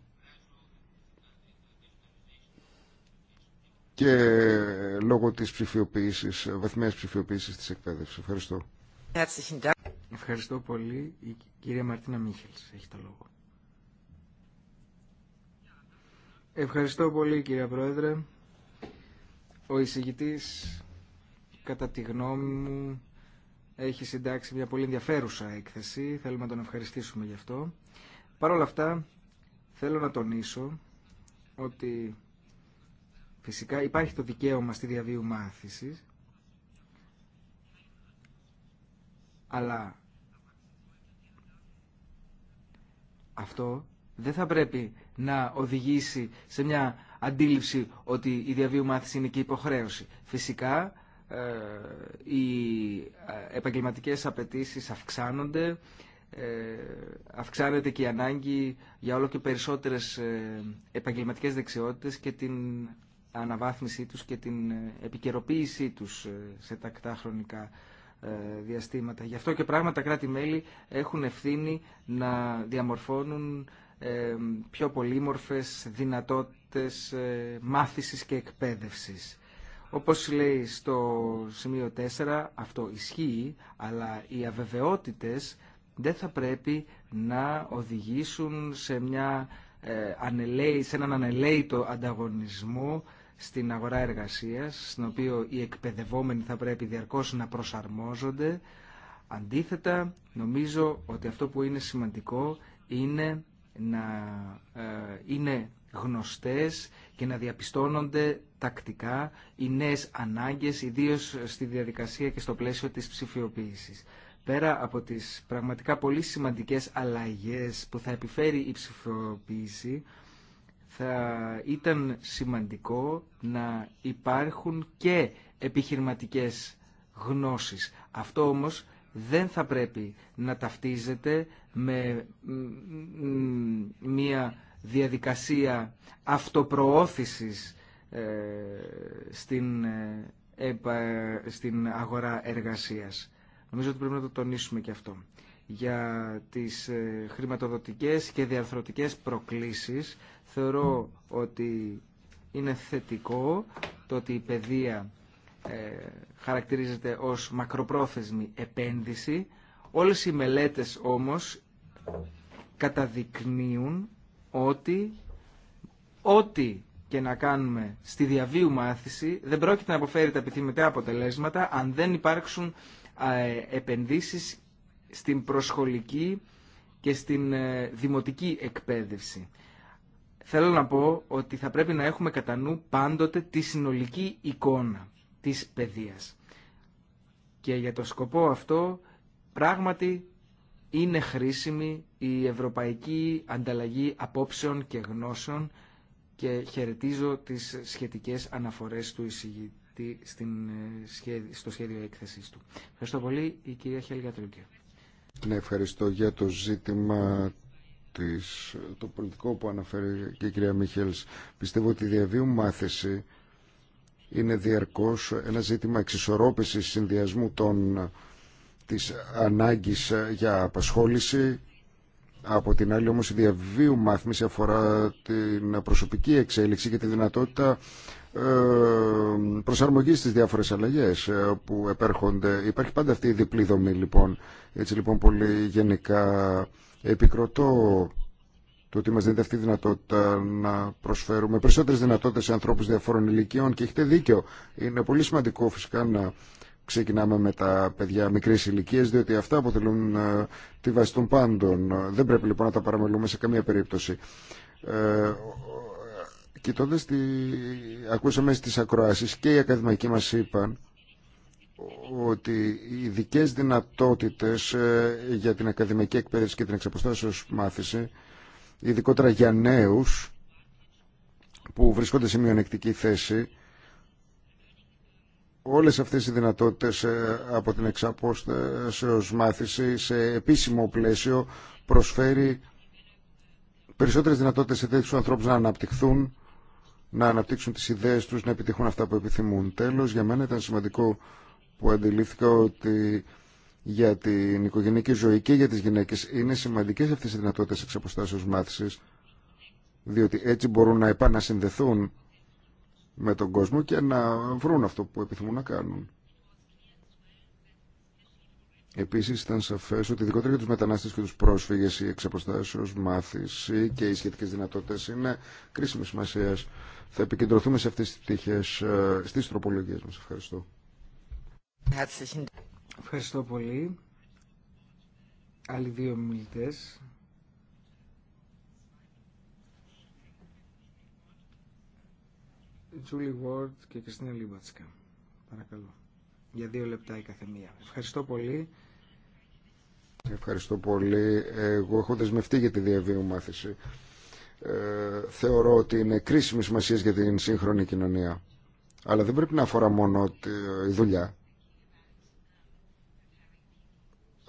και λόγω της ψηφιοποίησης, βαθμιάς ψηφιοποίησης της εκπαίδευσης. Ευχαριστώ. Ευχαριστώ πολύ. Η κυρία Μαρτίνα Μίχελς έχει το λόγο. Ευχαριστώ πολύ κύριε Πρόεδρε. Ο εισηγητής, κατά τη γνώμη μου, έχει συντάξει μια πολύ ενδιαφέρουσα έκθεση. Θέλουμε να τον ευχαριστήσουμε γι' αυτό. Παρ' όλα αυτά, θέλω να τονίσω ότι φυσικά υπάρχει το δικαίωμα στη διαβίου μάθηση, αλλά αυτό δεν θα πρέπει να οδηγήσει σε μια αντίληψη ότι η διαβίου μάθηση είναι και υποχρέωση. Φυσικά, ε, οι ε, επαγγελματικές απαιτήσει αυξάνονται, ε, αυξάνεται και η ανάγκη για όλο και περισσότερες επαγγελματικές δεξιότητες και την αναβάθμισή τους και την επικαιροποίησή τους σε τακτά χρονικά διαστήματα. Γι' αυτό και πράγματα κράτη-μέλη έχουν ευθύνη να διαμορφώνουν ε, πιο πολύμορφες δυνατότητες ε, μάθησης και εκπαίδευσης. Όπως λέει στο σημείο 4, αυτό ισχύει, αλλά οι αβεβαιότητες δεν θα πρέπει να οδηγήσουν σε, μια, ε, σε έναν ανελαίητο ανταγωνισμό στην αγορά εργασίας, στην οποία οι εκπαιδευόμενοι θα πρέπει διαρκώς να προσαρμόζονται. Αντίθετα, νομίζω ότι αυτό που είναι σημαντικό είναι να ε, είναι γνωστές και να διαπιστώνονται τακτικά οι νέες ανάγκες, ιδίως στη διαδικασία και στο πλαίσιο της ψηφιοποίησης. Πέρα από τις πραγματικά πολύ σημαντικές αλλαγές που θα επιφέρει η ψηφιοποίηση, θα ήταν σημαντικό να υπάρχουν και επιχειρηματικές γνώσεις. Αυτό όμως δεν θα πρέπει να ταυτίζεται με μια διαδικασία αυτοπροώθησης ε, στην, ε, στην αγορά εργασίας. Νομίζω ότι πρέπει να το τονίσουμε και αυτό. Για τις ε, χρηματοδοτικές και διαρθρωτικές προκλήσεις θεωρώ ότι είναι θετικό το ότι η παιδεία ε, χαρακτηρίζεται ως μακροπρόθεσμη επένδυση. Όλες οι μελέτες όμως καταδεικνύουν ότι ό,τι και να κάνουμε στη διαβίου μάθηση δεν πρόκειται να αποφέρει τα επιθυμητά αποτελέσματα αν δεν υπάρξουν επενδύσεις στην προσχολική και στην ε, δημοτική εκπαίδευση. Θέλω να πω ότι θα πρέπει να έχουμε κατά νου πάντοτε τη συνολική εικόνα της παιδείας. Και για το σκοπό αυτό πράγματι είναι χρήσιμη η ευρωπαϊκή ανταλλαγή απόψεων και γνώσεων και χαιρετίζω τις σχετικές αναφορές του εισηγητή στην, ε, στο σχέδιο έκθεσης του. Ευχαριστώ πολύ η κυρία Χέλγα Τρούγκε. Ναι, ευχαριστώ για το ζήτημα της, το πολιτικό που αναφέρει και η κυρία Μίχελς. Πιστεύω ότι η διαβίου μάθηση είναι διαρκώς ένα ζήτημα εξισορρόπησης συνδυασμού των, της ανάγκης για απασχόληση. Από την άλλη όμως η διαβίου μάθμιση αφορά την προσωπική εξέλιξη και τη δυνατότητα ε, προσαρμογής στις διάφορες αλλαγές ε, που επέρχονται. Υπάρχει πάντα αυτή η διπλή δομή λοιπόν. Έτσι λοιπόν πολύ γενικά επικροτώ το ότι μα δίνεται αυτή η δυνατότητα να προσφέρουμε περισσότερε δυνατότητε σε ανθρώπου διαφόρων ηλικιών και έχετε δίκιο. Είναι πολύ σημαντικό φυσικά να ξεκινάμε με τα παιδιά μικρή ηλικία, διότι αυτά αποτελούν ε, τη βάση των πάντων. Δεν πρέπει λοιπόν να τα παραμελούμε σε καμία περίπτωση. Ε, τη... ακούσαμε στις ακροάσεις και οι ακαδημαϊκοί μας είπαν ότι οι ειδικέ δυνατότητες ε, για την ακαδημαϊκή εκπαίδευση και την εξαποστάσεως μάθηση ειδικότερα για νέους που βρίσκονται σε μειονεκτική θέση όλες αυτές οι δυνατότητες ε, από την ω μάθηση σε επίσημο πλαίσιο προσφέρει περισσότερες δυνατότητες σε τέτοιους ανθρώπους να αναπτυχθούν, να αναπτύξουν τις ιδέες τους, να επιτυχούν αυτά που επιθυμούν. Τέλος, για μένα ήταν σημαντικό που αντιλήφθηκα ότι για την οικογενειακή ζωή και για τις γυναίκες είναι σημαντικές αυτές οι δυνατότητες εξ αποστάσεως μάθησης διότι έτσι μπορούν να επανασυνδεθούν με τον κόσμο και να βρουν αυτό που επιθυμούν να κάνουν. Επίση, ήταν σαφέ ότι ειδικότερα για του μετανάστε και του πρόσφυγε η εξαποστάσεω μάθηση και οι σχετικέ δυνατότητε είναι κρίσιμη σημασία. Θα επικεντρωθούμε σε αυτέ τι πτυχέ ε, στι τροπολογίε μα. Ευχαριστώ. Ευχαριστώ πολύ. Άλλοι δύο μιλητές. Τζούλι Βόρτ και Κριστίνα Λίμπατσκα. Παρακαλώ. Για δύο λεπτά η καθεμία. Ευχαριστώ πολύ. Ευχαριστώ πολύ. Εγώ έχω δεσμευτεί για τη διαβίου μάθηση. Ε, θεωρώ ότι είναι κρίσιμη σημασία για την σύγχρονη κοινωνία. Αλλά δεν πρέπει να αφορά μόνο τη ε, δουλειά.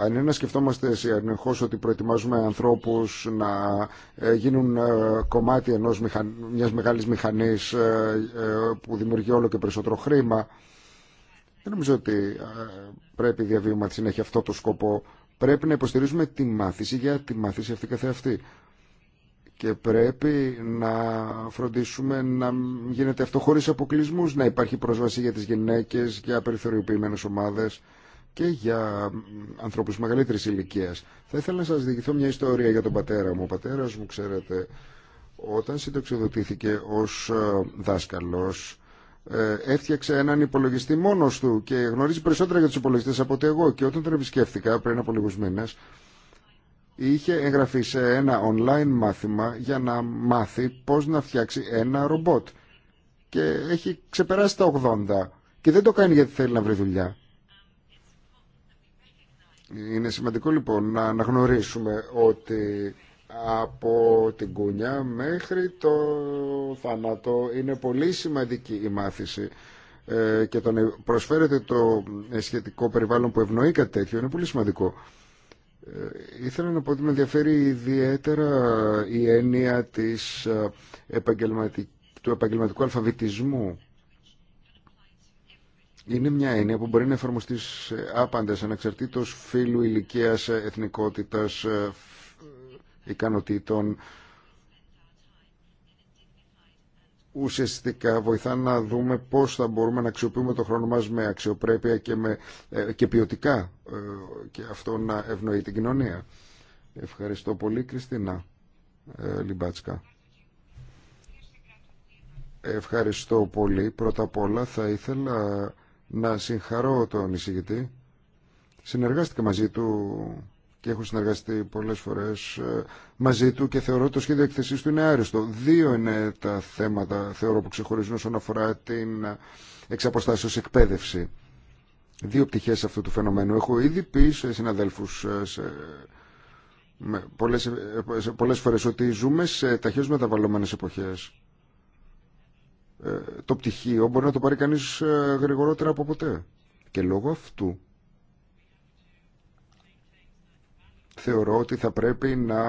Αν είναι να σκεφτόμαστε συνεχώ ότι προετοιμάζουμε ανθρώπου να ε, γίνουν ε, κομμάτι ενός μηχαν... μια μεγάλη μηχανή ε, που δημιουργεί όλο και περισσότερο χρήμα, δεν νομίζω ότι πρέπει η διαβίωμα να έχει αυτό το σκοπό. Πρέπει να υποστηρίζουμε τη μάθηση για τη μάθηση αυτή καθεαυτή. Και πρέπει να φροντίσουμε να γίνεται αυτό χωρί αποκλεισμούς, να υπάρχει πρόσβαση για τι γυναίκε, για περιθωριοποιημένες ομάδε και για ανθρώπου μεγαλύτερη ηλικία. Θα ήθελα να σα διηγηθώ μια ιστορία για τον πατέρα μου. Ο πατέρα, μου, ξέρετε, όταν συντοξιδοτήθηκε ως ε, δάσκαλος, ε, έφτιαξε έναν υπολογιστή μόνο του και γνωρίζει περισσότερα για του υπολογιστέ από ότι εγώ. Και όταν τον επισκέφθηκα πριν από λίγου μήνε, είχε εγγραφεί σε ένα online μάθημα για να μάθει πώ να φτιάξει ένα ρομπότ. Και έχει ξεπεράσει τα 80 και δεν το κάνει γιατί θέλει να βρει δουλειά. Είναι σημαντικό λοιπόν να αναγνωρίσουμε ότι από την κούνια μέχρι το θάνατο είναι πολύ σημαντική η μάθηση ε, και το να προσφέρεται το σχετικό περιβάλλον που ευνοεί κάτι τέτοιο είναι πολύ σημαντικό. Ε, ήθελα να πω ότι με ενδιαφέρει ιδιαίτερα η έννοια της ε, του επαγγελματικού αλφαβητισμού είναι μια έννοια που μπορεί να εφαρμοστεί άπαντες ανεξαρτήτως φίλου ηλικίας, εθνικότητας, ε, ικανοτήτων. Ουσιαστικά βοηθά να δούμε πώς θα μπορούμε να αξιοποιούμε το χρόνο μας με αξιοπρέπεια και, με, ε, και ποιοτικά ε, και αυτό να ευνοεί την κοινωνία. Ευχαριστώ πολύ Κριστίνα Λιμπάτσκα. Ευχαριστώ πολύ. Πρώτα απ' όλα θα ήθελα να συγχαρώ τον εισηγητή. Συνεργάστηκα μαζί του και έχω συνεργαστεί πολλές φορές ε, μαζί του και θεωρώ το σχέδιο εκθεσής του είναι άριστο. Δύο είναι τα θέματα, θεωρώ, που ξεχωρίζουν όσον αφορά την εξαποστάσεως εκπαίδευση. Δύο πτυχές αυτού του φαινομένου. Έχω ήδη πει σε συναδέλφους ε, σε... πολλές, ε, πολλές φορές ότι ζούμε σε ταχύως μεταβαλλόμενες εποχές ε, το πτυχίο μπορεί να το πάρει κανείς ε, γρηγορότερα από ποτέ. Και λόγω αυτού θεωρώ ότι θα πρέπει να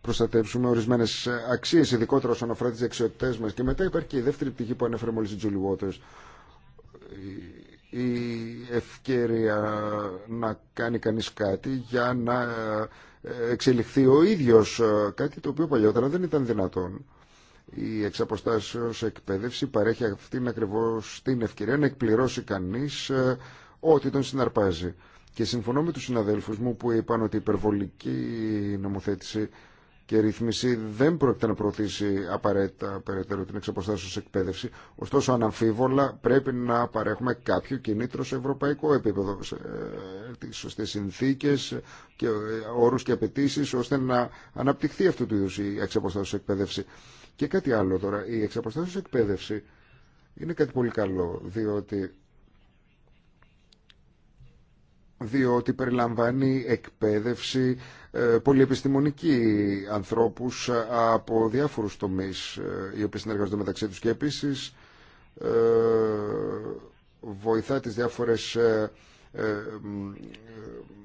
προστατεύσουμε ορισμένες ε, αξίες, ειδικότερα όσον αφορά τις δεξιότητές μας. Και μετά υπάρχει και η δεύτερη πτυχή που ανέφερε μόλις η Τζούλι η ευκαιρία να κάνει κανείς κάτι για να εξελιχθεί ο ίδιος, κάτι το οποίο παλιότερα δεν ήταν δυνατόν. Η εξαποστάσεω εκπαίδευση παρέχει αυτήν ακριβώ την ευκαιρία να εκπληρώσει κανεί ε, ό,τι τον συναρπάζει. Και συμφωνώ με του συναδέλφου μου που είπαν ότι η υπερβολική νομοθέτηση και ρύθμιση δεν πρόκειται να προωθήσει απαραίτητα περαιτέρω την εξαποστάσεω εκπαίδευση. Ωστόσο, αναμφίβολα πρέπει να παρέχουμε κάποιο κινήτρο σε ευρωπαϊκό επίπεδο, τι ε, τις σωστές και ε, όρου και απαιτήσει ώστε να αναπτυχθεί αυτού του είδου η εξαποστάσεω εκπαίδευση. Και κάτι άλλο τώρα, η εξαποστάσεω εκπαίδευση είναι κάτι πολύ καλό, διότι διότι περιλαμβάνει εκπαίδευση ε, πολυεπιστημονική ανθρώπους ε, από διάφορους τομείς ε, οι οποίοι συνεργάζονται μεταξύ τους και επίσης βοηθά τις διάφορες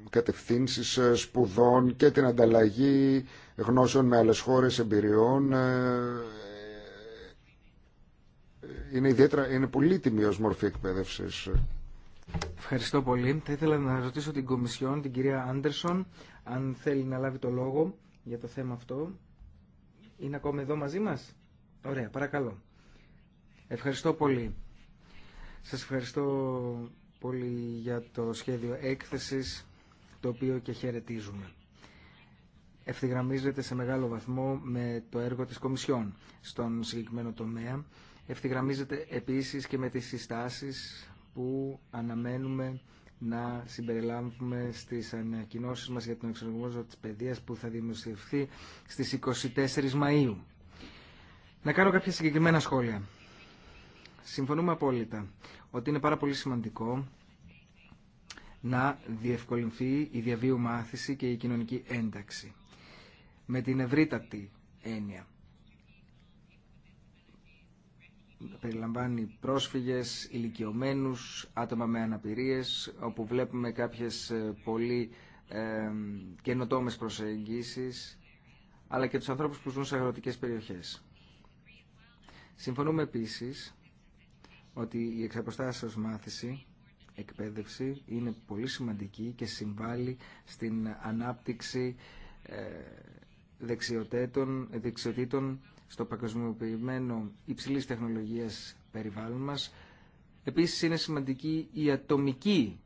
κατευθύνσεις σπουδών και την ανταλλαγή γνώσεων με άλλες χώρες, εμπειριών. Ε, είναι, ιδιαίτερα, είναι πολύ ως μορφή εκπαίδευσης. Ευχαριστώ πολύ. Θα ήθελα να ρωτήσω την Κομισιόν, την κυρία Άντερσον, αν θέλει να λάβει το λόγο για το θέμα αυτό. Είναι ακόμα εδώ μαζί μας. Ωραία, παρακαλώ. Ευχαριστώ πολύ. Σας ευχαριστώ πολύ για το σχέδιο έκθεσης, το οποίο και χαιρετίζουμε ευθυγραμμίζεται σε μεγάλο βαθμό με το έργο της Κομισιόν στον συγκεκριμένο τομέα. Ευθυγραμμίζεται επίσης και με τις συστάσεις που αναμένουμε να συμπεριλάβουμε στις ανακοινώσεις μας για τον εξοργισμό της παιδείας που θα δημοσιευθεί στις 24 Μαΐου. Να κάνω κάποια συγκεκριμένα σχόλια. Συμφωνούμε απόλυτα ότι είναι πάρα πολύ σημαντικό να διευκολυνθεί η διαβίου μάθηση και η κοινωνική ένταξη με την ευρύτατη έννοια. Περιλαμβάνει πρόσφυγες, ηλικιωμένους, άτομα με αναπηρίες, όπου βλέπουμε κάποιες ε, πολύ ε, καινοτόμες προσεγγίσεις, αλλά και τους ανθρώπους που ζουν σε αγροτικές περιοχές. Συμφωνούμε επίσης ότι η εξαποστάσεως μάθηση, εκπαίδευση, είναι πολύ σημαντική και συμβάλλει στην ανάπτυξη ε, δεξιοτήτων, στο παγκοσμιοποιημένο υψηλής τεχνολογίας περιβάλλον μας. Επίσης είναι σημαντική η ατομική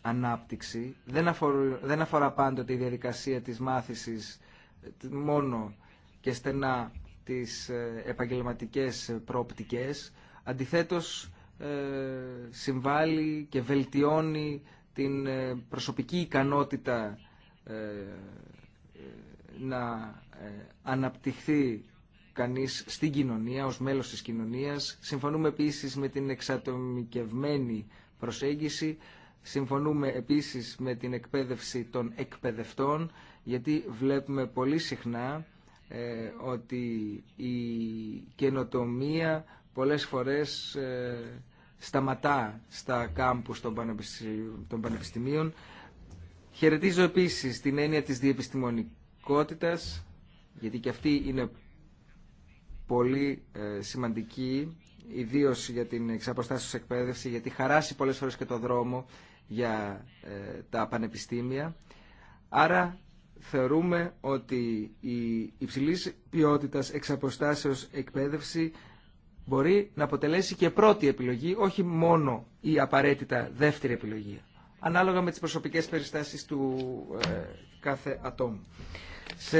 ανάπτυξη. Δεν, αφορά, δεν αφορά πάντοτε η διαδικασία της μάθησης ε, μόνο και στενά τις ε, επαγγελματικές προοπτικές. Αντιθέτως ε, συμβάλλει και βελτιώνει την προσωπική ικανότητα να ε, αναπτυχθεί κανείς στην κοινωνία, ως μέλος της κοινωνίας. Συμφωνούμε επίσης με την εξατομικευμένη προσέγγιση. Συμφωνούμε επίσης με την εκπαίδευση των εκπαιδευτών, γιατί βλέπουμε πολύ συχνά ε, ότι η καινοτομία πολλές φορές ε, σταματά στα κάμπους των πανεπιστημίων. Χαιρετίζω επίσης την έννοια της διεπιστημονικής γιατί και αυτή είναι πολύ ε, σημαντική, ιδίω για την εξαποστάσεως εκπαίδευση, γιατί χαράσει πολλές φορές και το δρόμο για ε, τα πανεπιστήμια. Άρα θεωρούμε ότι η υψηλής ποιότητας εξαποστάσεως εκπαίδευση μπορεί να αποτελέσει και πρώτη επιλογή, όχι μόνο η απαραίτητα δεύτερη επιλογή, ανάλογα με τις προσωπικές περιστάσεις του ε, κάθε ατόμου. Σε,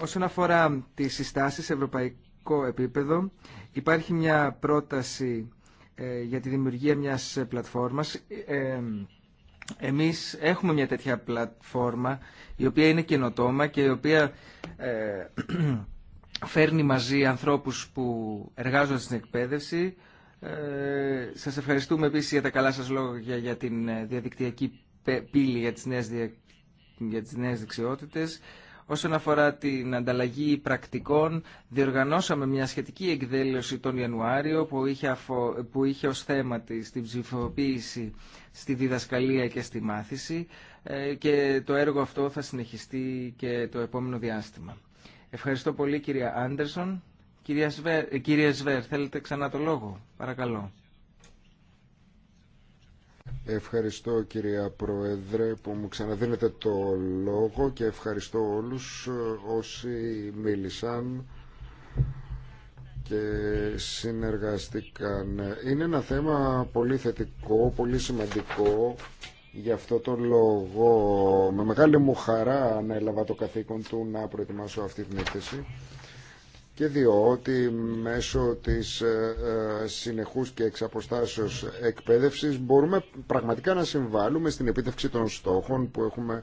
όσον αφορά τις συστάσεις σε ευρωπαϊκό επίπεδο, υπάρχει μια πρόταση ε, για τη δημιουργία μιας πλατφόρμας. Ε, εμείς έχουμε μια τέτοια πλατφόρμα η οποία είναι καινοτόμα και η οποία ε, φέρνει μαζί ανθρώπους που εργάζονται στην εκπαίδευση. Ε, σας ευχαριστούμε επίσης για τα καλά σας λόγια για την ε, διαδικτυακή πύλη για τις νέες για τις νέες δεξιότητες. Όσον αφορά την ανταλλαγή πρακτικών, διοργανώσαμε μια σχετική εκδήλωση τον Ιανουάριο που είχε, αφο... που είχε ως θέμα της την ψηφοποίηση στη διδασκαλία και στη μάθηση ε, και το έργο αυτό θα συνεχιστεί και το επόμενο διάστημα. Ευχαριστώ πολύ κυρία Άντερσον. Κυρία Σβέρ, ε, κυρία Σβέρ θέλετε ξανά το λόγο. Παρακαλώ. Ευχαριστώ κυρία Πρόεδρε που μου ξαναδίνετε το λόγο και ευχαριστώ όλους όσοι μίλησαν και συνεργαστήκαν. Είναι ένα θέμα πολύ θετικό, πολύ σημαντικό. Γι' αυτό το λόγο με μεγάλη μου χαρά ανέλαβα το καθήκον του να προετοιμάσω αυτή την έκθεση και διότι μέσω της ε, ε, συνεχούς και εξαποστάσεως εκπαίδευσης μπορούμε πραγματικά να συμβάλλουμε στην επίτευξη των στόχων που έχουμε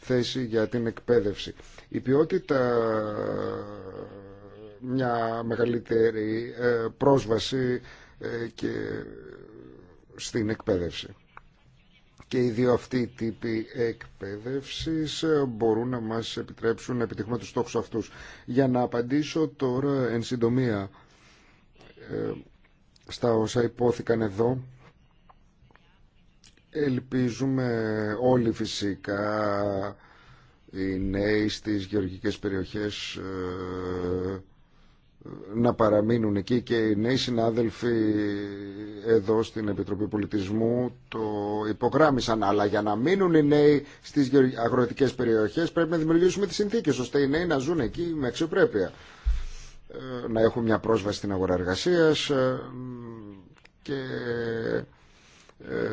θέσει για την εκπαίδευση. Η ποιότητα, μια μεγαλύτερη ε, πρόσβαση και στην εκπαίδευση και οι δύο αυτοί τύποι εκπαίδευση μπορούν να μας επιτρέψουν να επιτυχούμε τους στόχους αυτούς. Για να απαντήσω τώρα εν συντομία ε, στα όσα υπόθηκαν εδώ, ελπίζουμε όλοι φυσικά οι νέοι στις γεωργικές περιοχές ε, να παραμείνουν εκεί και οι νέοι συνάδελφοι εδώ στην Επιτροπή Πολιτισμού το υπογράμμισαν. Αλλά για να μείνουν οι νέοι στις αγροτικές περιοχές πρέπει να δημιουργήσουμε τις συνθήκες ώστε οι νέοι να ζουν εκεί με αξιοπρέπεια. Ε, να έχουν μια πρόσβαση στην αγορά εργασία. Ε, και ε,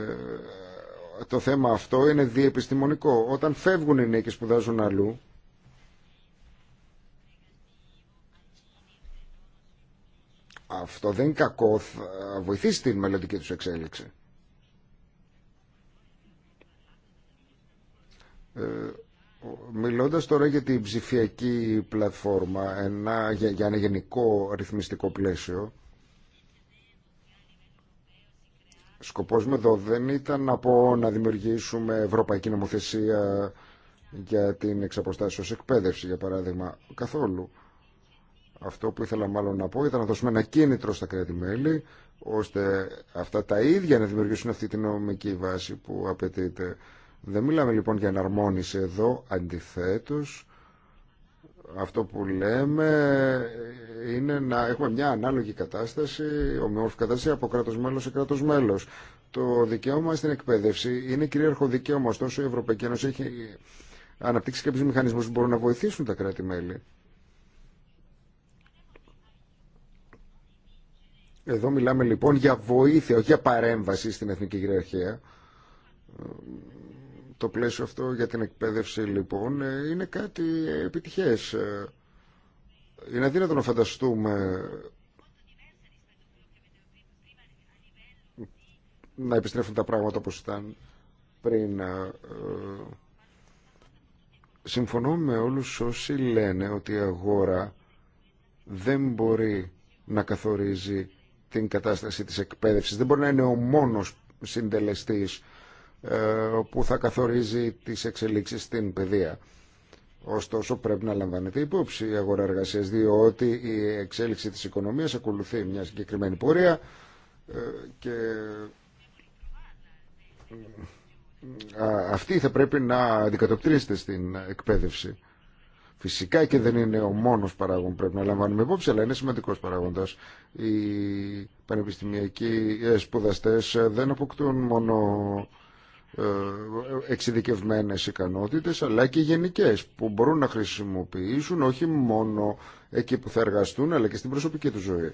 το θέμα αυτό είναι διεπιστημονικό. Όταν φεύγουν οι νέοι και σπουδάζουν αλλού αυτό δεν είναι κακό, θα βοηθήσει την μελλοντική τους εξέλιξη. Ε, μιλώντας τώρα για την ψηφιακή πλατφόρμα, ένα, για, ένα γενικό ρυθμιστικό πλαίσιο, σκοπός μου εδώ δεν ήταν να πω να δημιουργήσουμε ευρωπαϊκή νομοθεσία για την εξαποστάσεως εκπαίδευση, για παράδειγμα, καθόλου. Αυτό που ήθελα μάλλον να πω ήταν να δώσουμε ένα κίνητρο στα κράτη-μέλη ώστε αυτά τα ίδια να δημιουργήσουν αυτή τη νομική βάση που απαιτείται. Δεν μιλάμε λοιπόν για εναρμόνιση εδώ, αντιθέτως αυτό που λέμε είναι να έχουμε μια ανάλογη κατάσταση, κατάσταση, κατάσταση από κράτος μέλος σε κράτος μέλος. Το δικαίωμα στην εκπαίδευση είναι κυρίαρχο δικαίωμα, ωστόσο η Ευρωπαϊκή Ένωση έχει αναπτύξει κάποιου μηχανισμού που μπορούν να βοηθήσουν τα κράτη-μέλη Εδώ μιλάμε λοιπόν για βοήθεια, όχι για παρέμβαση στην εθνική κυριαρχία. Το πλαίσιο αυτό για την εκπαίδευση λοιπόν είναι κάτι επιτυχές. Είναι αδύνατο να φανταστούμε να επιστρέφουν τα πράγματα όπως ήταν πριν. Ε, συμφωνώ με όλους όσοι λένε ότι η αγορά δεν μπορεί να καθορίζει την κατάσταση της εκπαίδευσης. Δεν μπορεί να είναι ο μόνος συντελεστής ε, που θα καθορίζει τις εξελίξεις στην παιδεία. Ωστόσο πρέπει να λαμβάνεται υπόψη η αγορά εργασίας διότι η εξέλιξη της οικονομίας ακολουθεί μια συγκεκριμένη πορεία ε, και ε, αυτή θα πρέπει να αντικατοπτρίζεται στην εκπαίδευση. Φυσικά και δεν είναι ο μόνος που πρέπει να λαμβάνουμε υπόψη, αλλά είναι σημαντικός παράγοντας. Οι πανεπιστημιακοί ε, σπουδαστές ε, δεν αποκτούν μόνο ε, εξειδικευμένες ικανότητες αλλά και γενικές που μπορούν να χρησιμοποιήσουν όχι μόνο εκεί που θα εργαστούν αλλά και στην προσωπική του ζωή.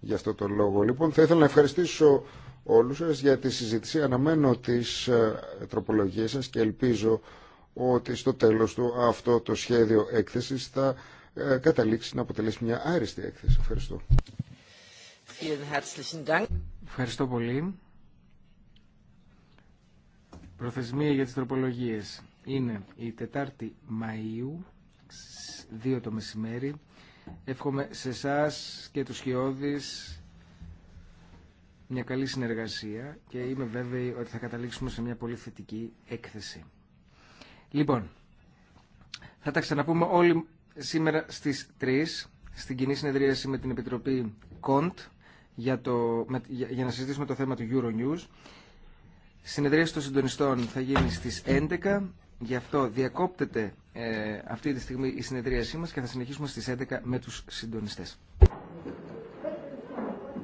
Γι' αυτό το λόγο λοιπόν θα ήθελα να ευχαριστήσω όλους σας για τη συζήτηση. Αναμένω τις τροπολογίες σας και ελπίζω ότι στο τέλος του αυτό το σχέδιο έκθεσης θα ε, καταλήξει να αποτελέσει μια άριστη έκθεση. Ευχαριστώ. Ευχαριστώ πολύ. Προθεσμία για τις τροπολογίες είναι η 4η Μαΐου, 2 το μεσημέρι. Εύχομαι σε εσά και τους χειώδεις μια καλή συνεργασία και είμαι βέβαιη ότι θα καταλήξουμε σε μια πολύ θετική έκθεση. Λοιπόν, θα τα ξαναπούμε όλοι σήμερα στις 3 στην κοινή συνεδρίαση με την Επιτροπή ΚΟΝΤ για, το, για, για να συζητήσουμε το θέμα του Euronews. Συνεδρίαση των συντονιστών θα γίνει στις 11. Γι' αυτό διακόπτεται ε, αυτή τη στιγμή η συνεδρίασή μας και θα συνεχίσουμε στις 11 με τους συντονιστές.